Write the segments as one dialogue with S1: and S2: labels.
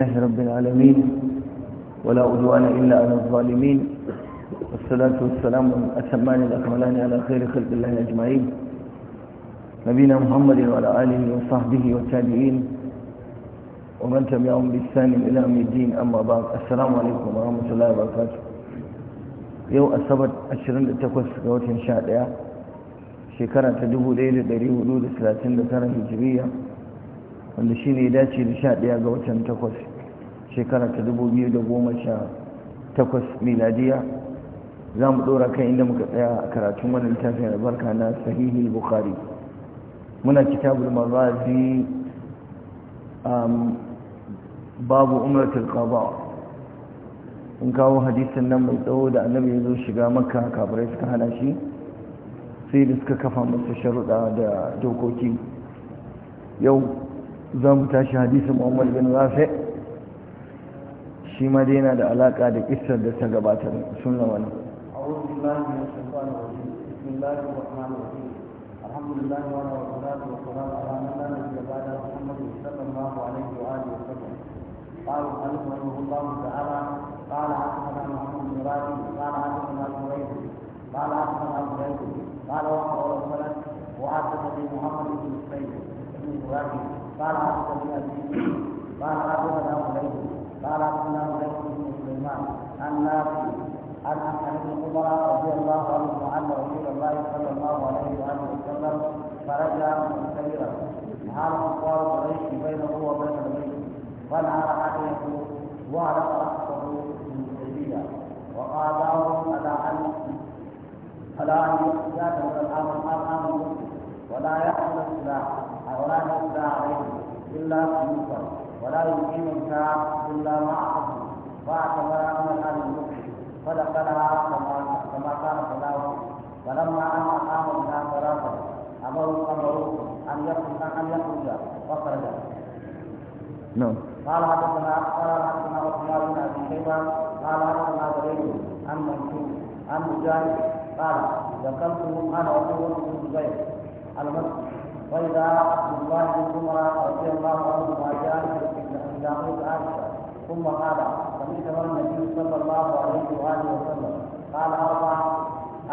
S1: الله رب العالمين ولا أدوان إلا على الظالمين والصلاة والسلام الأتمان الأكملان على خير خلق الله أجمعين نبينا محمد وعلى آله وصحبه والتابعين ومن تبعهم بإحسان إلى يوم الدين أما بعد السلام عليكم ورحمة الله وبركاته يوم السبت 28 ga watan 11 shekara ta 1439 hijiriya wanda shine ya dace da 11 ga watan 8 shekara ta dubu biyu da goma 2018 miladiya za mu ɗora kan inda muka tsaya a karatun wani littafin albarka na sahihi bukhari muna kitabul mazazi um, babu umratul ba. in kawo hadisin nan mai tsawo da annabi ya zo shiga maka kafirai suka hana shi sai da suka kafa masa sharuɗa da dokoki yau za mu tashi hadisin Muhammadu bin rafi shi ma dai yana da alaka da kissar da ta gabatar sunna wannan
S2: a'udhu billahi minash shaitanir rajim bismillahir rahmanir rahim alhamdulillah wa ala salatu wa salam ala man la nabiyya ba'da muhammad sallallahu alaihi wa alihi wa sallam قال المؤلف رحمه الله تعالى قال حدثنا محمد بن راشد قال قال قال بن بن قال قال قال حدثنا عبيد بن سليمان عن نافع عن أحد بن عمر رضي الله عنه وعن رسول الله صلى الله عليه وآله وسلم فرجع مستيرا حال اقوال قريش بينه وبين البيت ونعى عليه من رأسه وقال وقاضاهم الا أن الا أن يأتيك من الأمر ما الآن ولا يأخذ السلاح ولا يسلى عليه إلا مصر ولا يقيم الساعة إلا معه واعتبر أن هذا المكر فدخلها كما كان صلاه فلما أن أقام بها صلاته أمروا أمروا أن يخرج أن يخرج وخرج نعم قال حدثنا قال حدثنا عثمان بن ابي شيبه قال حدثنا بريد عن منصور عن مجاهد قال ذكرته انا وهو بن الزبير المسجد وإذا عبد الله بن عمر رضي الله عنهما جاء إلى عائشة ثم قال سمعت النبي صلى الله عليه وآله وسلم قال أربعة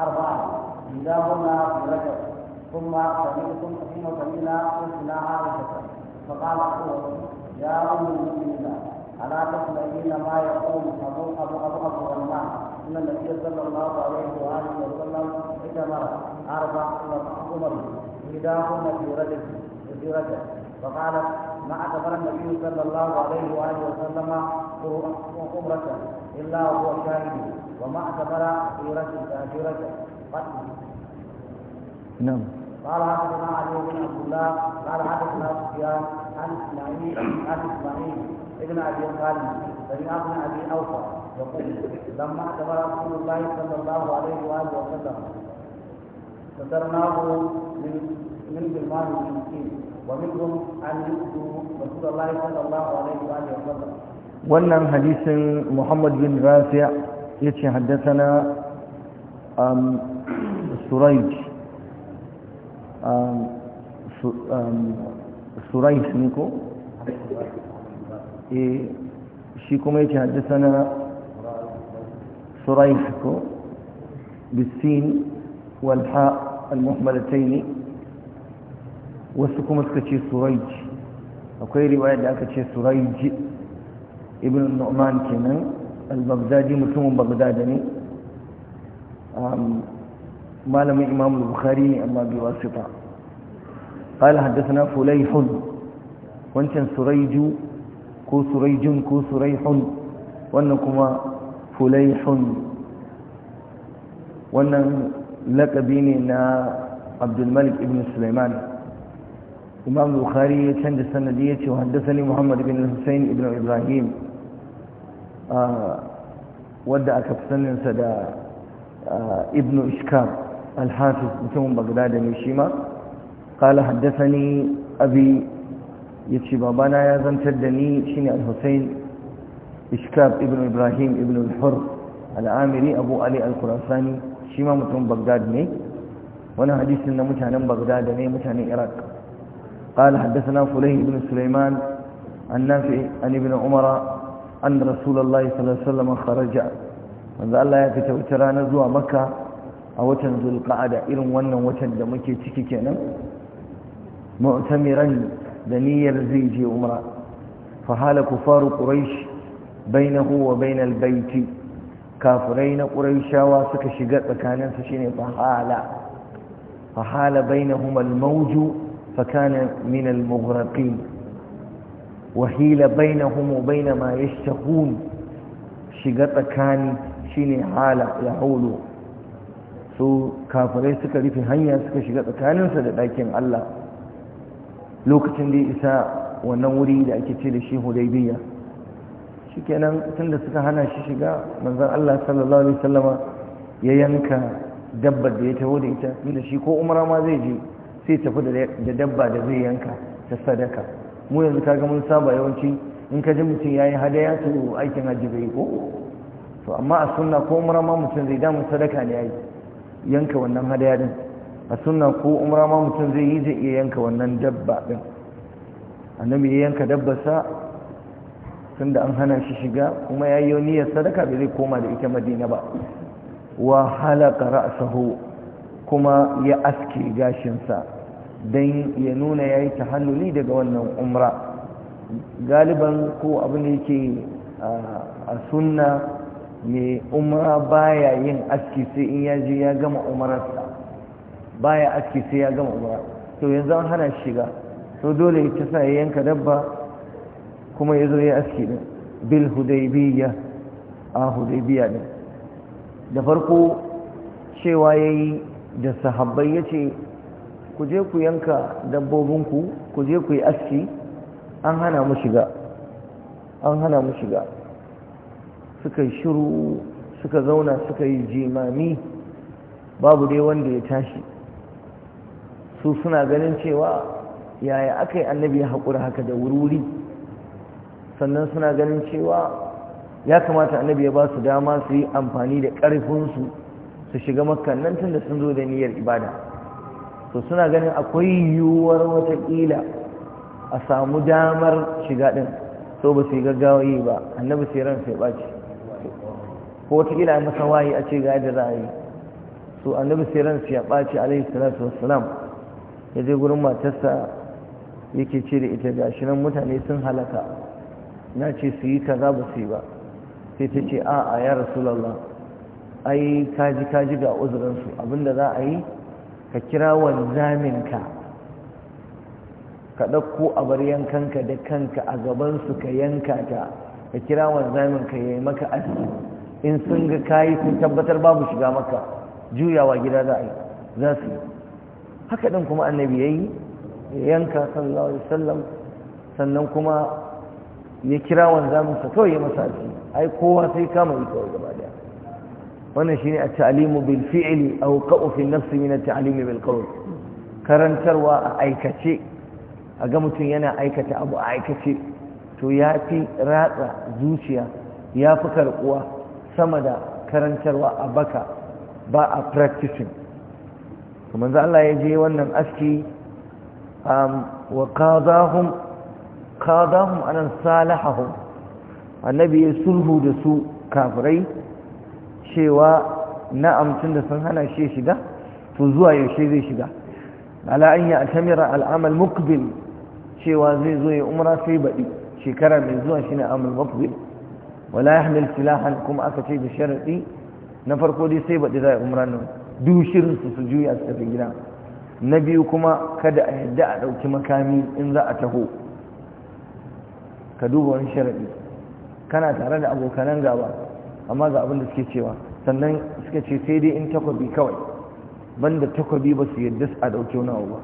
S2: أربعة إذا هن في رجب ثم سمعتم حين سمعنا قلتنا عائشة فقال يا أم المؤمنين ألا تسمعين ما يقول أبو أبو أبو أبو غنمان إن النبي صلى الله عليه وآله وسلم اعتمر أربع إلى عمر كلاهما في رجل في رجل فقالت ما اعتبر النبي صلى الله عليه واله وسلم عمرة الا وهو شاهد وما اعتبر في رجل في رجل نعم قال حدثنا علي بن عبد الله قال حدثنا سفيان عن اسماعيل عن اسماعيل ابن ابي خالد سمع ابن ابي اوفى يقول لما اعتبر رسول الله صلى الله عليه واله وسلم فسرناه من من جلمان المسكين ومنهم ان يؤذوا رسول الله صلى الله عليه واله وسلم.
S1: ونعم حديث محمد بن رافع يتي حدثنا أم سريج أم سريج نيكو إيه شيكو ميتي حدثنا سريجكو بالسين والحاء al-muhmalatayn wasu kuma suka ce surayj akwai riwaya da aka ce surayj ibn nu'man kenan al-baghdadi mutumin baghdad ne malamin imam al-bukhari ne amma bi wasita قال حدثنا فليح wancan surayju ko surayjun ko suraihun wannan kuma fulaihun wannan لك بيني نا عبد الملك ابن سليمان امام البخاري كانت سنديتي وهندسني محمد بن الحسين ابن ابراهيم آه، ودع كفتن سدا آه، ابن اشكاب الحافظ مثل بغداد المشيمه قال حدثني ابي يتشي بابانا يا زنتدني شني الحسين اشكاب ابن ابراهيم ابن الحر العامري ابو علي الخراساني shi ma mutum bagdad ne wani hadisin na mutanen bagdad ne mutanen iraq ƙala haddasa na fulahi ibn suleiman an nafi an ibn umara an rasulallah sallallahu kharaja wanda allah ya fita wata rana zuwa Makka a watan da irin wannan watan da muke ciki kenan mu'tamiran da niyyar zai je umara fa hala kufaru quraish bainahu wa bainal baiti kafirai na ƙuraishawa suka shiga tsakaninsu shine fahala fahala bainahum al-mawju fakana min al-mughraqin wa hila bainahum wa bain ma yashtaqun shiga tsakani shine hala ya hulu su kafirai suka rufe hanya suka shiga tsakaninsa da ɗakin Allah lokacin da ya isa wannan wuri da ake ce da shi hudaybiyya shikenan tunda suka hana shi shiga manzon Allah sallallahu alaihi wasallama ya yanka dabbar da ya taho da ita tunda shi ko umara ma zai je sai tafi da dabba da zai yanka ta sadaka mu yanzu kaga mun saba yawanci in ka ji mutum yayi hadaya to aikin hajji bai ko to amma a sunna ko umara ma mutum zai damu sadaka ne yayi yanka wannan hadaya din a sunna ko umara ma mutum zai yi zai iya yanka wannan dabba din annabi ya yanka dabbarsa sanda an hana shi shiga kuma ya yi niyyar sadaka da zai koma da ita madina ba wa halaka ra'asahu kuma ya aske gashinsa don ya nuna ya yi tahalluli daga wannan umra galiban ko abin da yake a sunna mai umra baya yin aski sai in ya je ya gama umararsa baya aski sai ya gama umara to yanzu an hana shiga to dole ya ta sa ya yanka dabba kuma ya zo ya aski ne, bil hudaybiya a da farko cewa yayi da sahabbai yace ku je ku yanka dabbobinku ku je ku yi aski an hana mu shiga an hana mu shiga suka yi shiru suka zauna suka yi jimami babu dai wanda ya tashi su suna ganin cewa yaya aka yi annabi ya haƙura haka da wuri sannan suna ganin cewa ya kamata annabi ya ba su dama su yi amfani da ƙarfinsu su shiga makannan tun da sun zo da niyyar ibada to suna ganin akwai yiwuwar watakila a samu damar shiga ɗin so ba su yi gaggawa yi ba annabi sai ran sai ɓaci ko watakila a masa wayi a ce ga da yi so annabi sai ran sai ya ɓaci alaihi salatu wassalam ya je gurin matarsa yake ce da ita gashi nan mutane sun halaka na ce su yi kaza ba su yi ba sai ta ce a'a ya rasu rasulallah ai ka kaji kaji ga uzurinsu abinda za a yi ka kira zaminka ka ɗauko abar yankanka da kanka a gabansu ka yanka ta ka kira zaminka ya yi maka aski in sun ga kayi sun tabbatar babu shiga maka juyawa gida za a yi za su yi haka ɗin kuma annabi ya yi yanka sallallahu alaihi wasallam sannan kuma ya kira sa kawai ya masa aski ai kowa sai kama yi kawai gaba daya wannan shine at-ta'limu bil fi'li aw qa'u fi an min at-ta'limi bil qawl karantarwa a aikace a ga mutum yana aikata abu a aikace to ya fi ratsa zuciya ya fi karkuwa sama da karantarwa a baka ba a practicing kuma Allah ya je wannan aski wa qadahum qadahum anan salahahum annabi ya sulhu da su kafirai cewa na'am tun da sun hana shi shiga to zuwa yaushe zai shiga ala an ya al'amal mukbil cewa zai zo ya umra sai baɗi shekara mai zuwa shine amal mukbil wala yahmil silahan kuma aka ce da sharadi na farko dai sai baɗi za a umra nan dushirin su su juya su tafi gida na biyu kuma kada a yadda a ɗauki makami in za a taho ka duba wani sharadi kana tare da abokanan gaba amma ga abin da suke cewa sannan suka ce sai dai in takwabi kawai banda takwabi ba su yadda a dauke wani ba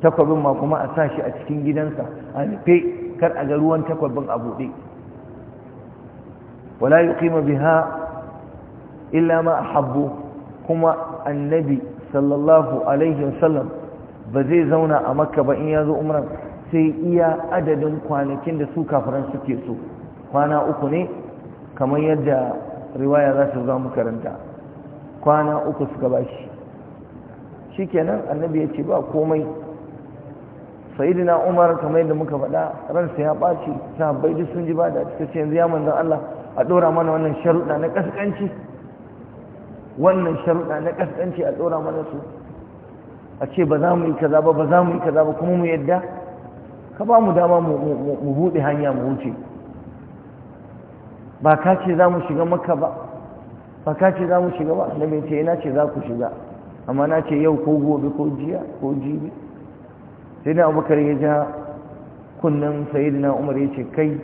S1: takwabin ma kuma a sa shi a cikin gidansa a rufe kar a ga ruwan takwabin a buɗe wala yuqima biha illa ma ahabbu kuma annabi sallallahu alaihi wasallam ba zai zauna a makka ba in ya zo umran sai iya adadin kwanakin da su kafiran suke so kwana uku ne kamar yadda riwaya za ta zo makaranta kwana uku suka bashi shikenan annabi ya ce ba komai na umar kamar yadda muka faɗa ransa ya ɓaci sahabbai duk sun ji ba da suka ce yanzu ya manzan Allah a ɗora mana wannan sharuɗa na ƙasƙanci wannan sharuɗa na ƙasƙanci a ɗora mana su a ce ba za mu yi kaza ba ba za mu yi kaza ba kuma mu yadda ka ba mu dama mu buɗe hanya mu wuce ba ka ce za mu shiga maka ba ba ka ce za mu shiga ba bai ce ina ce za ku shiga amma na ce yau ko gobe ko jiya ko jibi sai da abubakar ya ja kunnen na umar ya ce kai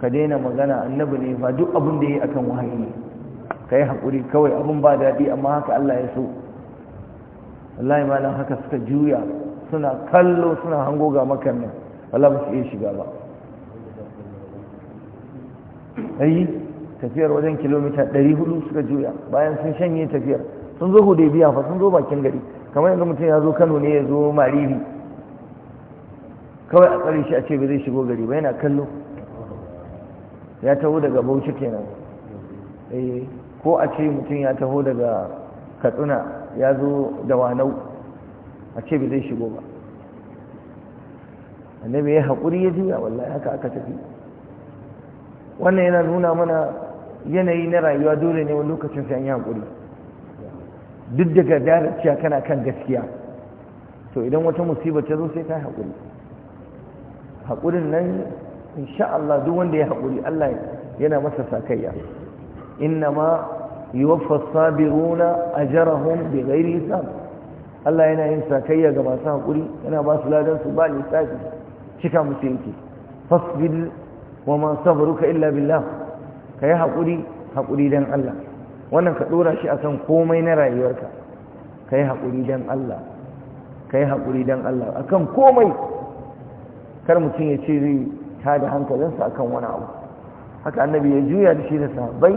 S1: ka daina magana annabi ne ba duk abin da ya yi akan wahayi ne ka yi haƙuri kawai abin ba daɗi amma haka allah ya so wallahi malam haka suka juya suna kallo suna hango ga makannin nan Allah ba su iya shiga ba ai tafiyar wajen kilomita 400 suka juya bayan sun shanye tafiyar sun zo biya fa sun zo bakin gari kamar yanzu mutum ya zo Kano ne ya zo Maribi. kawai a tsari shi a ce ba zai shigo gari ba yana kallo ya taho daga Bauchi kenan eh ko a ce mutum ya taho daga Katsina ya zo da Wanau a ce zai shigo ba annabi ya haƙuri ya juya wallahi haka aka tafi wannan yana nuna mana yanayi na rayuwa dole ne wani lokacin sai an yi haƙuri duk daga daraciya kana kan gaskiya to idan wata musibar ta zo sai ka haƙuri haƙurin nan insha Allah duk wanda ya haƙuri Allah yana masa sakayya innama yuwaffa sabiruna ajrahum bighairi hisab Allah yana yin sakayya ga masu haƙuri yana ba su ladan su ba lissafi cika musu yake fasbir wa ma ka illa billah kai haƙuri haƙuri dan Allah wannan ka dora shi akan komai na rayuwarka yi haƙuri dan Allah yi haƙuri dan Allah akan komai kar mutum ya ce zai tada hankalinsa akan wani abu haka annabi ya juya da shi da sahabbai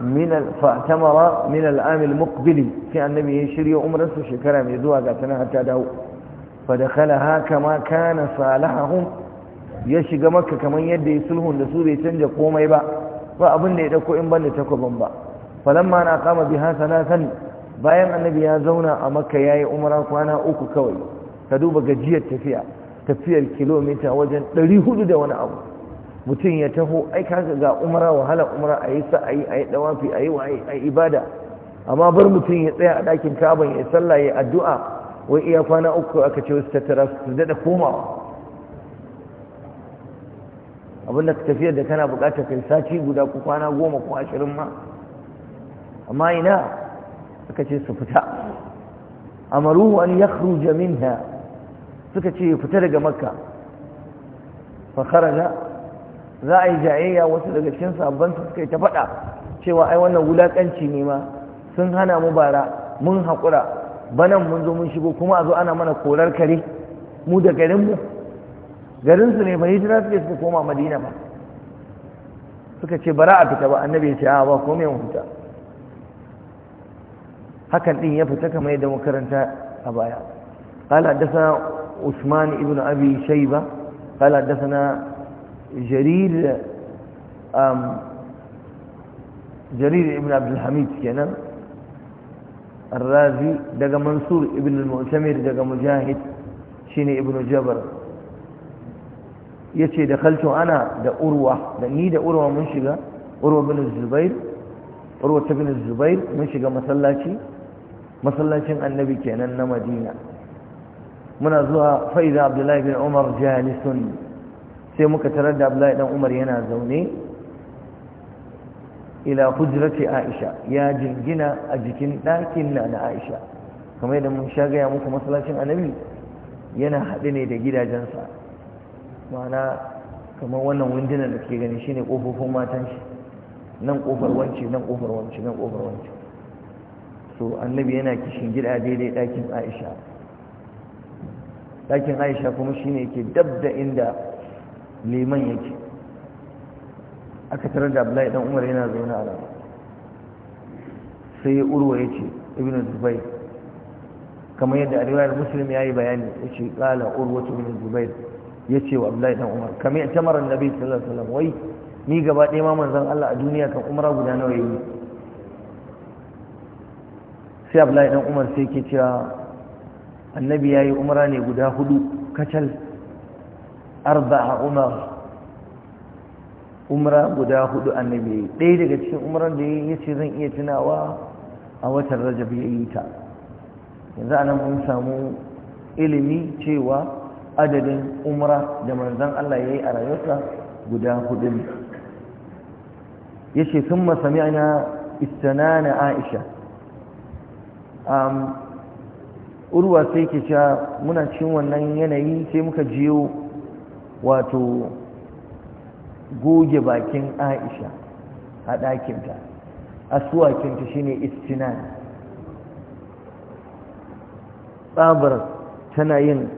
S1: minal amil من فاعتمر من العام المقبل في النبي يشري عمره شكرا يذوا غتنا حتى دهو فدخلها كما كان صالحهم يشيغ مكه كما يد da su bai تنجه komai ba ba abun da ya dauko in banda ta kuban ba falamma na qama biha salasan bayan annabi ya zauna a makka yayi umra kwana uku kawai ka duba gajiyar tafiya tafiyar kilomita wajen 400 da wani abu mutum ya taho ai kaga ga umara wahala umara a yi sa'ayi a yi dawafi a yi a ibada amma bar mutum ya tsaya a ɗakin kaban ya sallah ya addu'a wai iya kwana uku aka ce wasu tattara su daɗa komawa abin da tafiyar da kana buƙatar kai sati guda ko kwana goma ko ashirin ma amma ina aka ce su fita amaruhu an yakhruja minha suka ce fita daga makka fa kharaja za a yi jayayya wasu daga cikin sabon su suka yi ta faɗa cewa ai wannan wulaƙanci ne ma sun hana mu bara mun haƙura banan mun zo mun shigo kuma a zo ana mana korar kare mu da garinmu garinsu ne ba hijira suke suka koma madina ba suka ce bara a fita ba annabi ya ce a ba me mu fita hakan din ya fita kamar yadda makaranta a baya قال حدثنا عثمان ابن أبي شيبة قال حدثنا jarir um, jarir ibn abdulhamid kenan الرازي دغ منصور ابن المؤتمر دغ مجاهد شيني ابن جبر yace da kalto ana da urwa da ni da urwa mun shiga urwa bin zubair urwa ta bin zubair mun shiga masallaci masallacin annabi kenan na madina muna zuwa faida abdullahi bin umar jalisun sai muka tarar da abdullahi dan umar yana zaune ila hujrati aisha ya jingina a jikin ɗakin na na aisha kamar yadda mun sha gaya muku masalacin annabi yana haɗe ne da gidajensa Mana kamar wannan wundunan da ke gani shine ƙofofin matan shi nan ƙofar wance nan ƙofar wance nan ƙofar wance so annabi yana kishin gida daidai ɗakin aisha ɗakin aisha kuma shine ke dab da inda liman yake aka tarar da abdullahi dan umar yana zaune a rana sai ya urwa ya ce ibn zubai kamar yadda a riwayar musulun ya yi bayani ya ce kala urwa ibn zubai ya ce wa abdullahi dan umar kamar ya tamarar nabi sallallahu alaihi wasallam wai ni gaba ɗaya ma manzan Allah a duniya kan umara guda nawa yi sai abdullahi dan umar sai ke cewa annabi ya yi umara ne guda hudu kacal arba'a umar umra guda hudu annabi ɗaya daga cikin umran da ya ce zan iya tunawa a watan rajab ya yi ta yanzu anan mun samu ilimi cewa adadin umra da manzon Allah ya yi a rayuwarsa guda hudu ne ya ce sun masami ana istanana aisha urwa sai ke cewa muna cin wannan yanayi sai muka jiyo wato goge bakin aisha a ɗakinta asuwakinta shine istinan tsabar tana yin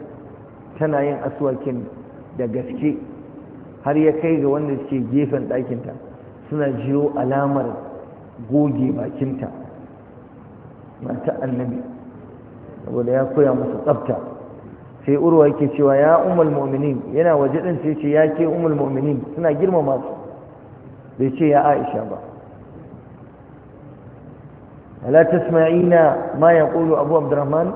S1: tana yin da gaske har ya kai ga wanda suke gefen ɗakinta suna jiyo alamar goge bakinta mata annabi saboda ya koya musu tsabta. sai urwa yake cewa ya umul mu'minin yana waje din sai ce ya ke umul mu'minin suna girmama su bai ce ya aisha ba ala tasma'ina ma yaqulu abu abdurrahman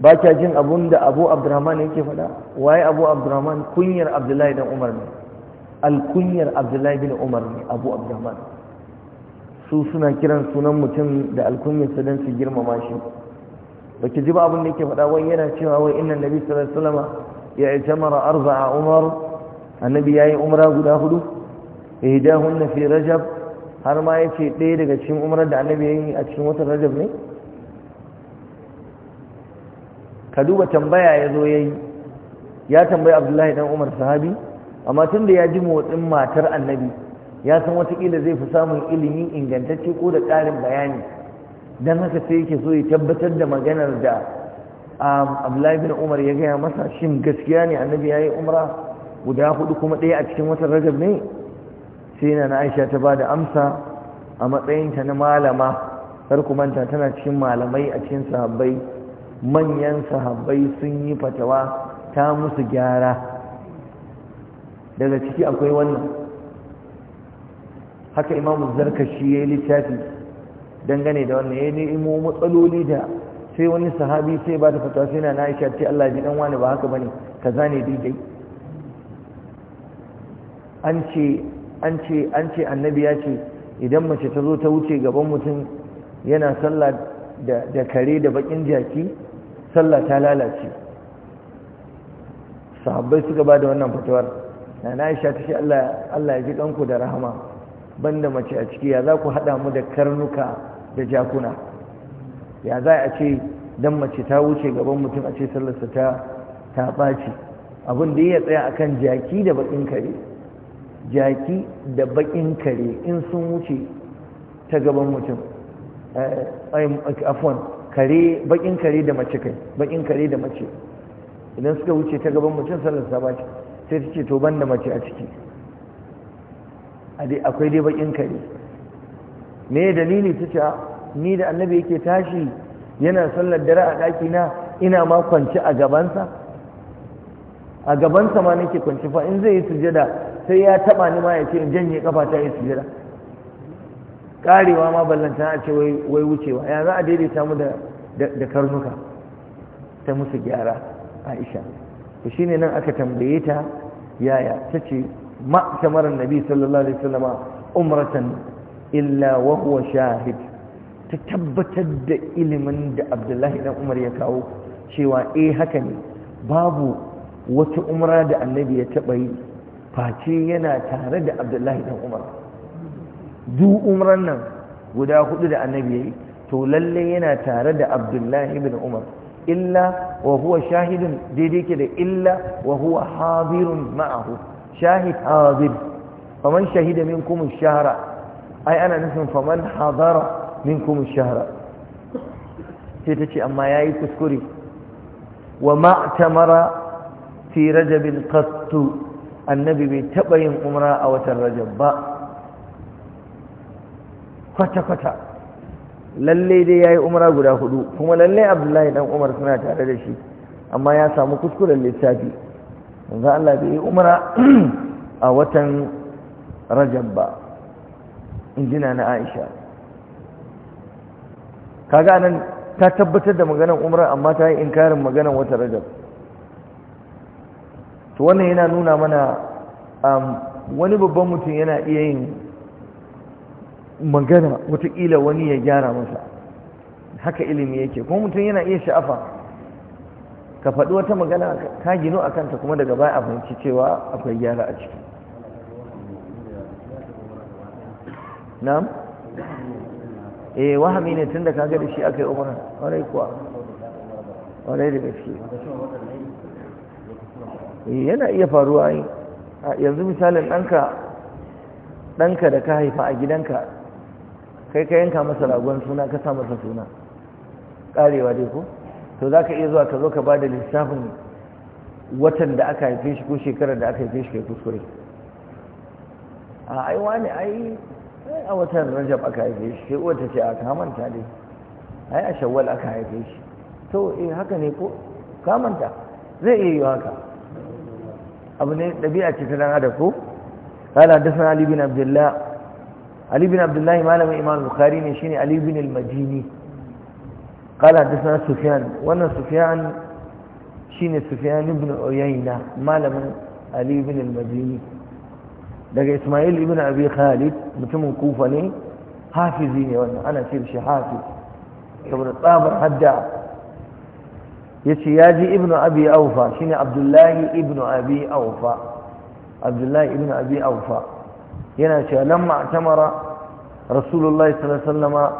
S1: ba kya jin abun da abu abdurrahman yake faɗa waye abu abdurrahman kunyar abdullahi dan umar ne kunyar abdullahi bin umar ne abu abdurrahman su suna kiran sunan mutum da alkunyarsa dan su girmama shi baki ji ba abin da yake faɗa wai yana cewa wai inna nabi sallallahu alaihi wasallam ya itamara arba'a umar annabi yayi umra guda hudu ihdahunna fi rajab har ma yace ɗaya daga cikin umrar da annabi yayi a cikin watan rajab ne ka duba tambaya ya zo yayi ya tambayi abdullahi dan umar sahabi amma tun da ya ji motsin matar annabi ya san watakila zai fi samun ilimi ingantacce ko da ƙarin bayani dan haka sai yake so ya tabbatar da maganar da um, Abdullahi bin Umar ya gaya masa shin gaskiya ne annabi yayi umra guda hudu kuma ɗaya a cikin watan Rajab ne sai na Aisha ta bada amsa a matsayinta na malama Sarku kuma manta tana cikin malamai a cikin sahabbai manyan sahabbai sun yi fatawa ta musu gyara daga ciki akwai wannan haka imamu zarkashi ya yi littafi dangane da wannan ya nemo matsaloli da sai wani sahabi sai ba ta fata sai na Aisha ce Allah ji dan wani ba haka bane kaza ne daidai an ce an ce an ce annabi ya ce idan mace ta zo ta wuce gaban mutum yana sallah da da kare da bakin jaki sallah ta lalace sahabbai suka ba da wannan fatuwar na Aisha ta ce Allah Allah ya ji danku da rahama banda mace a ciki ya za ku hada mu da karnuka da jakuna ya za a ce don mace ta wuce gaban mutum a ce sallarsa ta ta ɓaci abin da ya tsaya akan jaki da baƙin kare jaki da baƙin kare in sun wuce ta gaban mutum eh, afon kare baƙin kare da mace kai Baƙin kare da mace idan suka wuce ta gaban mutum sallarsa ba ce sai ta ce to ban da mace a ciki akwai dai baƙin kare me dalili ta ce ni da annabi yake tashi yana sallar dare a ɗakina ina ma kwanci a gabansa a gabansa ma nake kwanci fa in zai yi sujada sai ya taɓa ni ma ya ce in janye kafa ta yi sujada karewa ma ballanta a ce wai wucewa ya za a daidaita mu da karnuka ta musu gyara aisha to shine nan aka tambaye ta yaya tace ce ma kamar annabi sallallahu alaihi wasallama umratan illa wa huwa shahid ta tabbatar da ilimin da abdullahi dan umar ya kawo cewa eh haka ne babu wata umra da annabi ya taɓa yi face yana tare da abdullahi dan umar duk umran nan guda hudu da annabi ya yi to lalle yana tare da abdullahi bin umar illa wa huwa shahidun daidai ke da illa wa huwa hadirun ma'ahu shahid hadir faman shahida minkum ai ana nufin faman hadara minkum shahra sai ta ce amma yayi kuskure wa ma'tamara fi rajabin qattu annabi bai taɓa yin umra a watan rajab ba kwata kwata lallai dai yayi umra guda hudu kuma lallai abdullahi dan umar suna tare da shi amma ya samu kuskuren lissafi manzo Allah bai yi umra a watan rajab ba injina na aisha kaga nan ta tabbatar da maganar umra amma ta yi inkarin maganar wata rajab to wannan yana nuna mana um, wani babban mutum yana iya yin magana watakila wani ya gyara masa haka ilimi yake kuma mutum yana iya sha'afa ka faɗi wata magana ka gino a kanta kuma daga baya a fahimci cewa akwai gyara a ciki na'am eh wahami ne tunda ka da shi akai umara warai kuwa
S3: warai da gaske
S1: eh, yana iya faruwa yanzu misalin ɗanka ɗanka da ka haifa a gidanka kai ka yanka masa ragon suna ka sa masa suna ƙarewa dai ko to za ka iya zuwa ka zo ka ba da lissafin watan da aka haife shi ko shekarar da aka haife shi kai kuskure a ai wani ai Eh, a watan rajab aka haife shi sai uwar ta ce a kamanta dai ai a shawwal aka haife shi to eh haka ne ko manta? zai iya yi haka abu ne ɗabi'a ce ta dan adam ko قال حدثنا علي بن عبد الله علي بن عبد الله مالم امام البخاري ne shine Ali bin al-Madini قال حدثنا سفيان وانا سفيان Sufyan ibn Uyayna malamin Ali madini daga Ismail ibn Abi Khalid mutumin Kufa ne hafizi ne wannan ana ce shi hafiz
S2: saboda tsabar
S1: hadda Ya ce ya ji ibn Abi Aufa shine Abdullahi ibn Abi Aufa Abdullahi ibn Abi Aufa yana cewa lamma tamara Rasulullahi sallallahu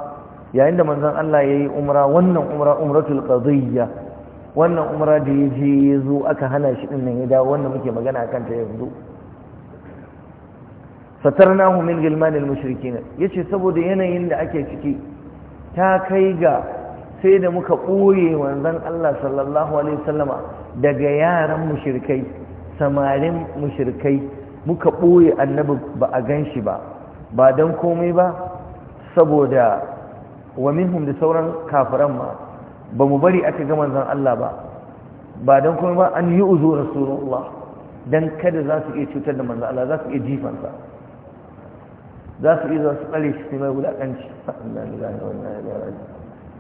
S1: yayin da manzon Allah ya yi umra wannan umra umratul qadiyya wannan umra da ya je ya zo aka hana shi din nan ya dawo wannan muke magana kanta ya yanzu satarnahu min gilmanil mushrikin yace saboda yanayin da ake ciki ta kai ga sai da muka ɓoye wanzan Allah sallallahu alaihi wasallama daga yaran mushrikai samarin mushrikai muka ɓoye annabi ba a gan shi ba ba don komai ba saboda wa minhum da sauran kafiran ma ba mu bari aka ga manzon Allah ba ba don komai ba an yi uzu rasulullah dan kada za su iya cutar da manzon Allah za su iya jifansa za su iya su tsare shi sai mai wulaƙanci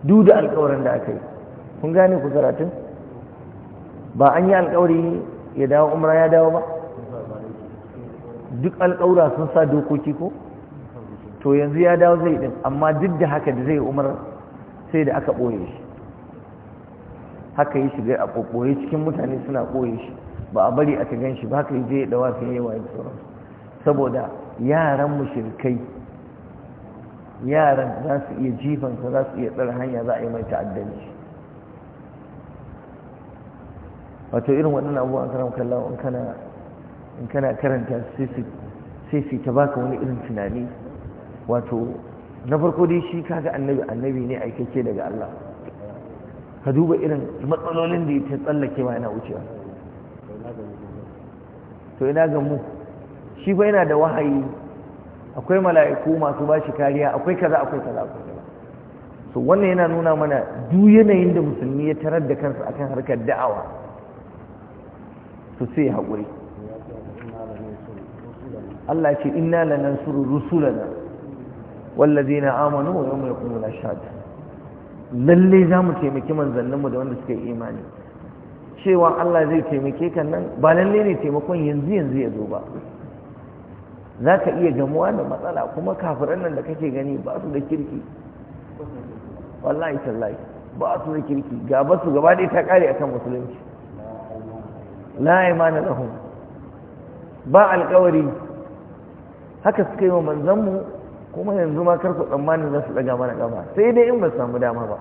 S1: duk da alƙawarin da aka yi kun gane ku karatun ba an yi alƙawari ya dawo umra ya dawo ba duk alƙawura sun sa dokoki ko to yanzu ya dawo zai din amma duk da haka da zai umar sai da aka ɓoye shi haka yi shiga a ɓoye cikin mutane suna ɓoye shi ba a bari aka gan shi ba haka yi zai dawa fiye yawa da sauransu saboda yaran mushrikai yaran za su iya jifansa za su iya tsar hanya za a yi mai ta'addanci wato irin waɗannan abubuwan karam kallon in kana karanta sai su ta baka wani irin tunani wato na farko dai shi kaga annabi annabi ne aikace daga Allah ka duba irin matsalolin da ya tsallake ma yana wucewa to ina ga mu shi ba yana da wahayi akwai mala'iku masu ba shi kariya akwai kaza akwai kaza akwai kaza so wannan yana nuna mana duk yanayin da musulmi ya tarar da kansa akan harkar da'awa su sai ya haƙuri Allah ce inna suru rusulana na amanu wa yawma yaqumul ashhad lalle za mu taimaki manzanninmu da wanda suka yi imani cewa Allah zai taimake ka nan ba lalle ne taimakon yanzu yanzu ya zo ba za ka iya gamuwa da matsala kuma kafiran nan da kake gani ba su da kirki wallahi tallahi ba su da kirki ga ba su gaba ta kare akan musulunci la imana lahum ba alkawari haka suka yi wa manzanmu kuma yanzu ma karku tsammanin za su ɗaga mana gaba sai dai in ba su samu dama ba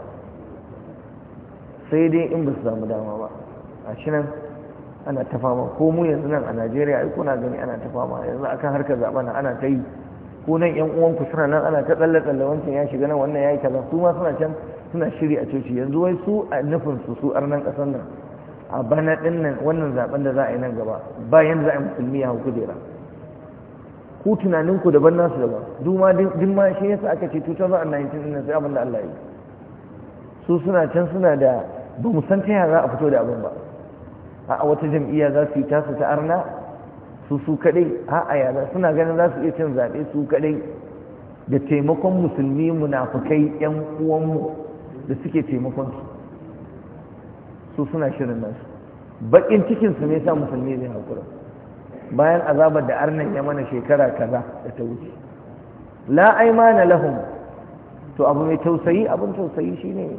S1: sai dai in ba su samu dama ba a shi nan ana ta fama ko mu yanzu nan a najeriya ai kuna gani ana ta fama yanzu akan harkar zaɓen ana ta yi ko nan yan uwanku suna nan ana ta tsalle tsalle wancan ya shiga nan wannan ya yi kaza su ma suna can suna shiri a coci yanzu wai su a nufin su su arnan ƙasar nan a bana ɗin nan wannan zaɓen da za a yi nan gaba bayan za a yi musulmi ya hau kujera ku tunaninku daban nasu daban duma din ma shi yasa aka ce 2019 nan sai abin da Allah ya yi su suna can suna da ba mu san ta za a fito da abin ba a wata jam'iyya za su yi tasu ta arna su su kadai a ayyana suna ganin za su iya cin zaɓe su kadai da taimakon musulmi munafukai yan uwanmu da suke taimakon su su suna shirin nasu bakin cikin su ne sa musulmi zai haƙura bayan azabar da arnan ya mana shekara kaza da ta wuce la aimana lahum to abu mai tausayi abin tausayi shine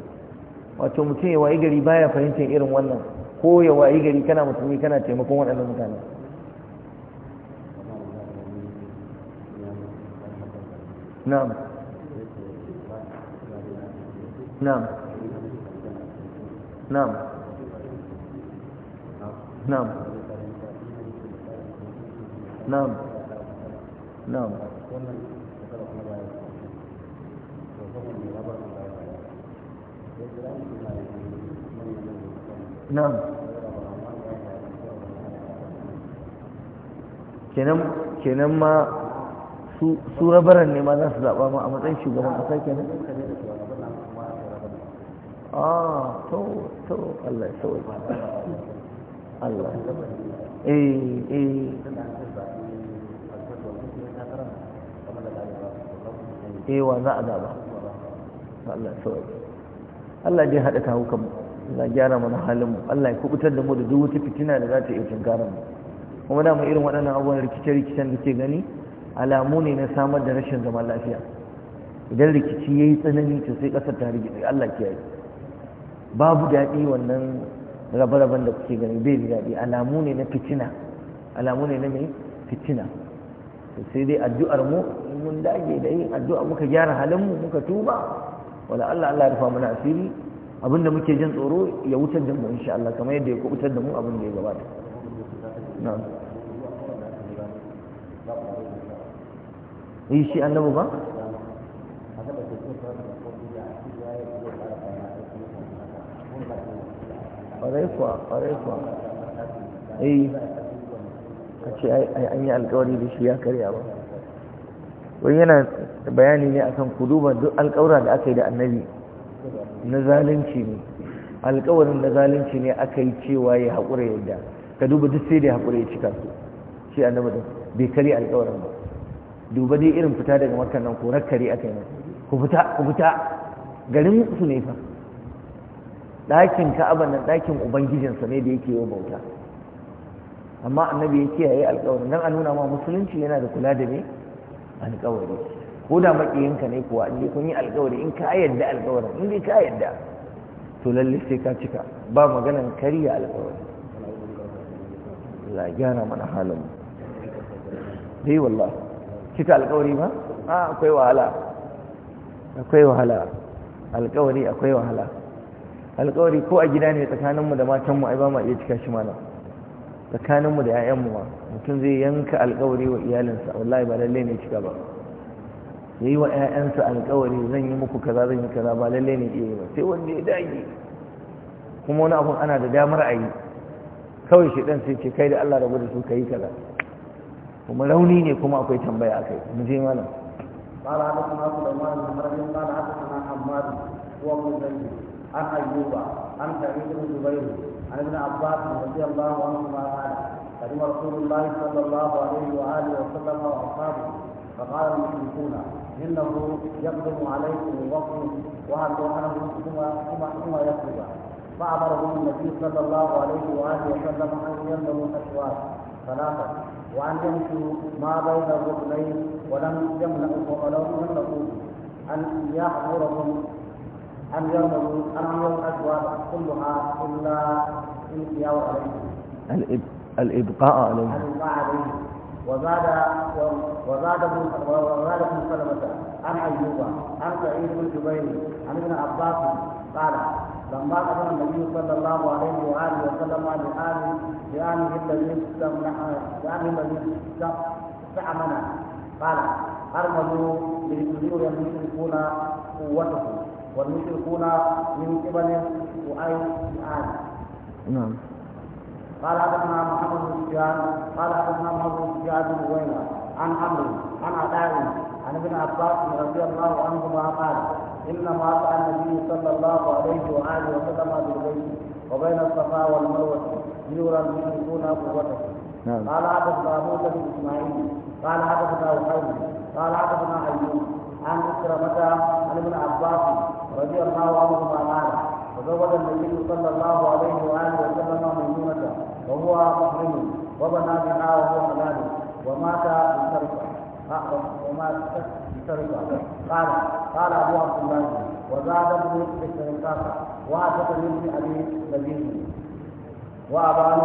S1: wato mutum ya wayi gari baya fahimtar irin wannan Koya ya wayi gari kana mutumi kana taimakon waɗannan mutane
S3: na'am na'am na'am na'am na'am na'am نعم
S1: kenan kenan ma su rabaran ne ma za su zaɓa ma a matsayin shugaban ƙasa kenan ah to to Allah ya Allah eh eh
S3: eh wa za a zaɓa
S1: Allah ya Allah dai haɗa kawo Allah gyara mana halin mu Allah ya kubutar da mu da duk wata fitina da za ta iya tunkarar mu kuma da mu irin waɗannan abubuwan rikice-rikicen da ke gani alamu ne na samar da rashin zaman lafiya idan rikici ya yi tsanani to sai ƙasar ta rigi Allah ke yi babu daɗi wannan rabe-raben da kuke gani bai da daɗi alamu ne na fitina alamu ne na mai fitina sai dai addu'ar mu mun dage da yin addu'a muka gyara halin mu muka tuba wala Allah Allah ya rufa mana asiri abin da muke jin tsoro ya wutar da mu insha Allah kamar yadda ya wutar da mu abin da ya gabata na'am yi shi annabi ba ƙwarai kuwa ƙwarai kuwa eh, a ce an yi alkawari da shi ya karya ba wani yana bayani ne a kan duba duk alkawura da aka yi da annabi na zalunci ne alkawarin na zalunci ne aka yi cewa ya haƙura yadda ka duba duk sai da ya haƙura ya cika su shi annabi da bai kare alkawarin ba duba dai irin fita daga makka nan ko rakkare aka yi ku fita ku fita garin su ne fa ɗakin ka'aba nan ɗakin ubangijinsa ne da yake yi bauta amma annabi ya kiyaye alkawarin nan a nuna ma musulunci yana da kula da ne alkawari ko da makiyinka ne kuwa ne kun yi alkawari in ka yadda alkawarin in dai ka yadda to lalle sai ka cika ba maganan karya alkawari la gyara mana halin dai wallah cika alkawari ma a akwai wahala akwai wahala alkawari akwai wahala alkawari ko a gida ne tsakaninmu da matanmu ai ba ma iya cika shi mana tsakaninmu da 'ya'yanmu ma mutum zai yanka alkawari wa iyalinsa wallahi ba lalle ne cika ba ya yi wa 'ya'yansa alkawari zan yi muku kaza zan yi kaza ba lalle ne iya ba sai wanda ya dage kuma wani abun ana da damar a yi kawai shi ɗan sai ce kai da Allah rabu da su ka yi kaza kuma rauni ne kuma akwai tambaya a kai mu je mana
S2: قال حدثنا سليمان بن مريم قال حدثنا حماد هو ابن زيد عن ايوب عن سعيد بن جبير عن ابن عباس رضي الله عنهما قال قدم رسول الله صلى الله عليه واله وسلم واصحابه فقال المشركون إنه يقدم عليكم وقت وهل وحده ثم ثم ثم يقضي فأمرهم النبي صلى الله عليه وآله وسلم أن يملوا الأشواك ثلاثة وأن يمشوا ما بين الركنين ولم يملأوا ولم يملأوا أن يحضرهم أن يرموا أن يرموا الأشواط كلها إلا الإبقاء
S1: عليهم الإبقاء
S2: عليهم وزاد وزاد وزاد بن سلمة عن أيوب عن سعيد بن جبير عن ابن عباس قال لما قدم النبي صلى الله عليه وآله وسلم لآل لآله الذي استمنح لآله الذي استعمنا قال أرملوا بالجذور المشركون قوتهم والمشركون من قبل سؤال الآن نعم قال حدثنا محمد بن سفيان قال حدثنا محمد بن سفيان بن عوينة عن عمرو عن عطاء عن ابن عباس رضي الله عنهما قال انما اتى النبي صلى الله عليه واله وسلم بالبيت وبين الصفا والمروه نورا يدركون قوته نعم. قال حدثنا موسى بن اسماعيل قال حدثنا وحيد قال حدثنا ايوب عن إكرمة عن ابن عباس رضي الله عنهما قال وزود النبي صلى الله عليه واله وسلم ميمونه وهو محرم وبنى بها وهو حلال ومات بسرقة ومات بسرقة قال قال أبو عبد الله وزاد ابن بالسرقة وعتق من أبي لبيب وأبان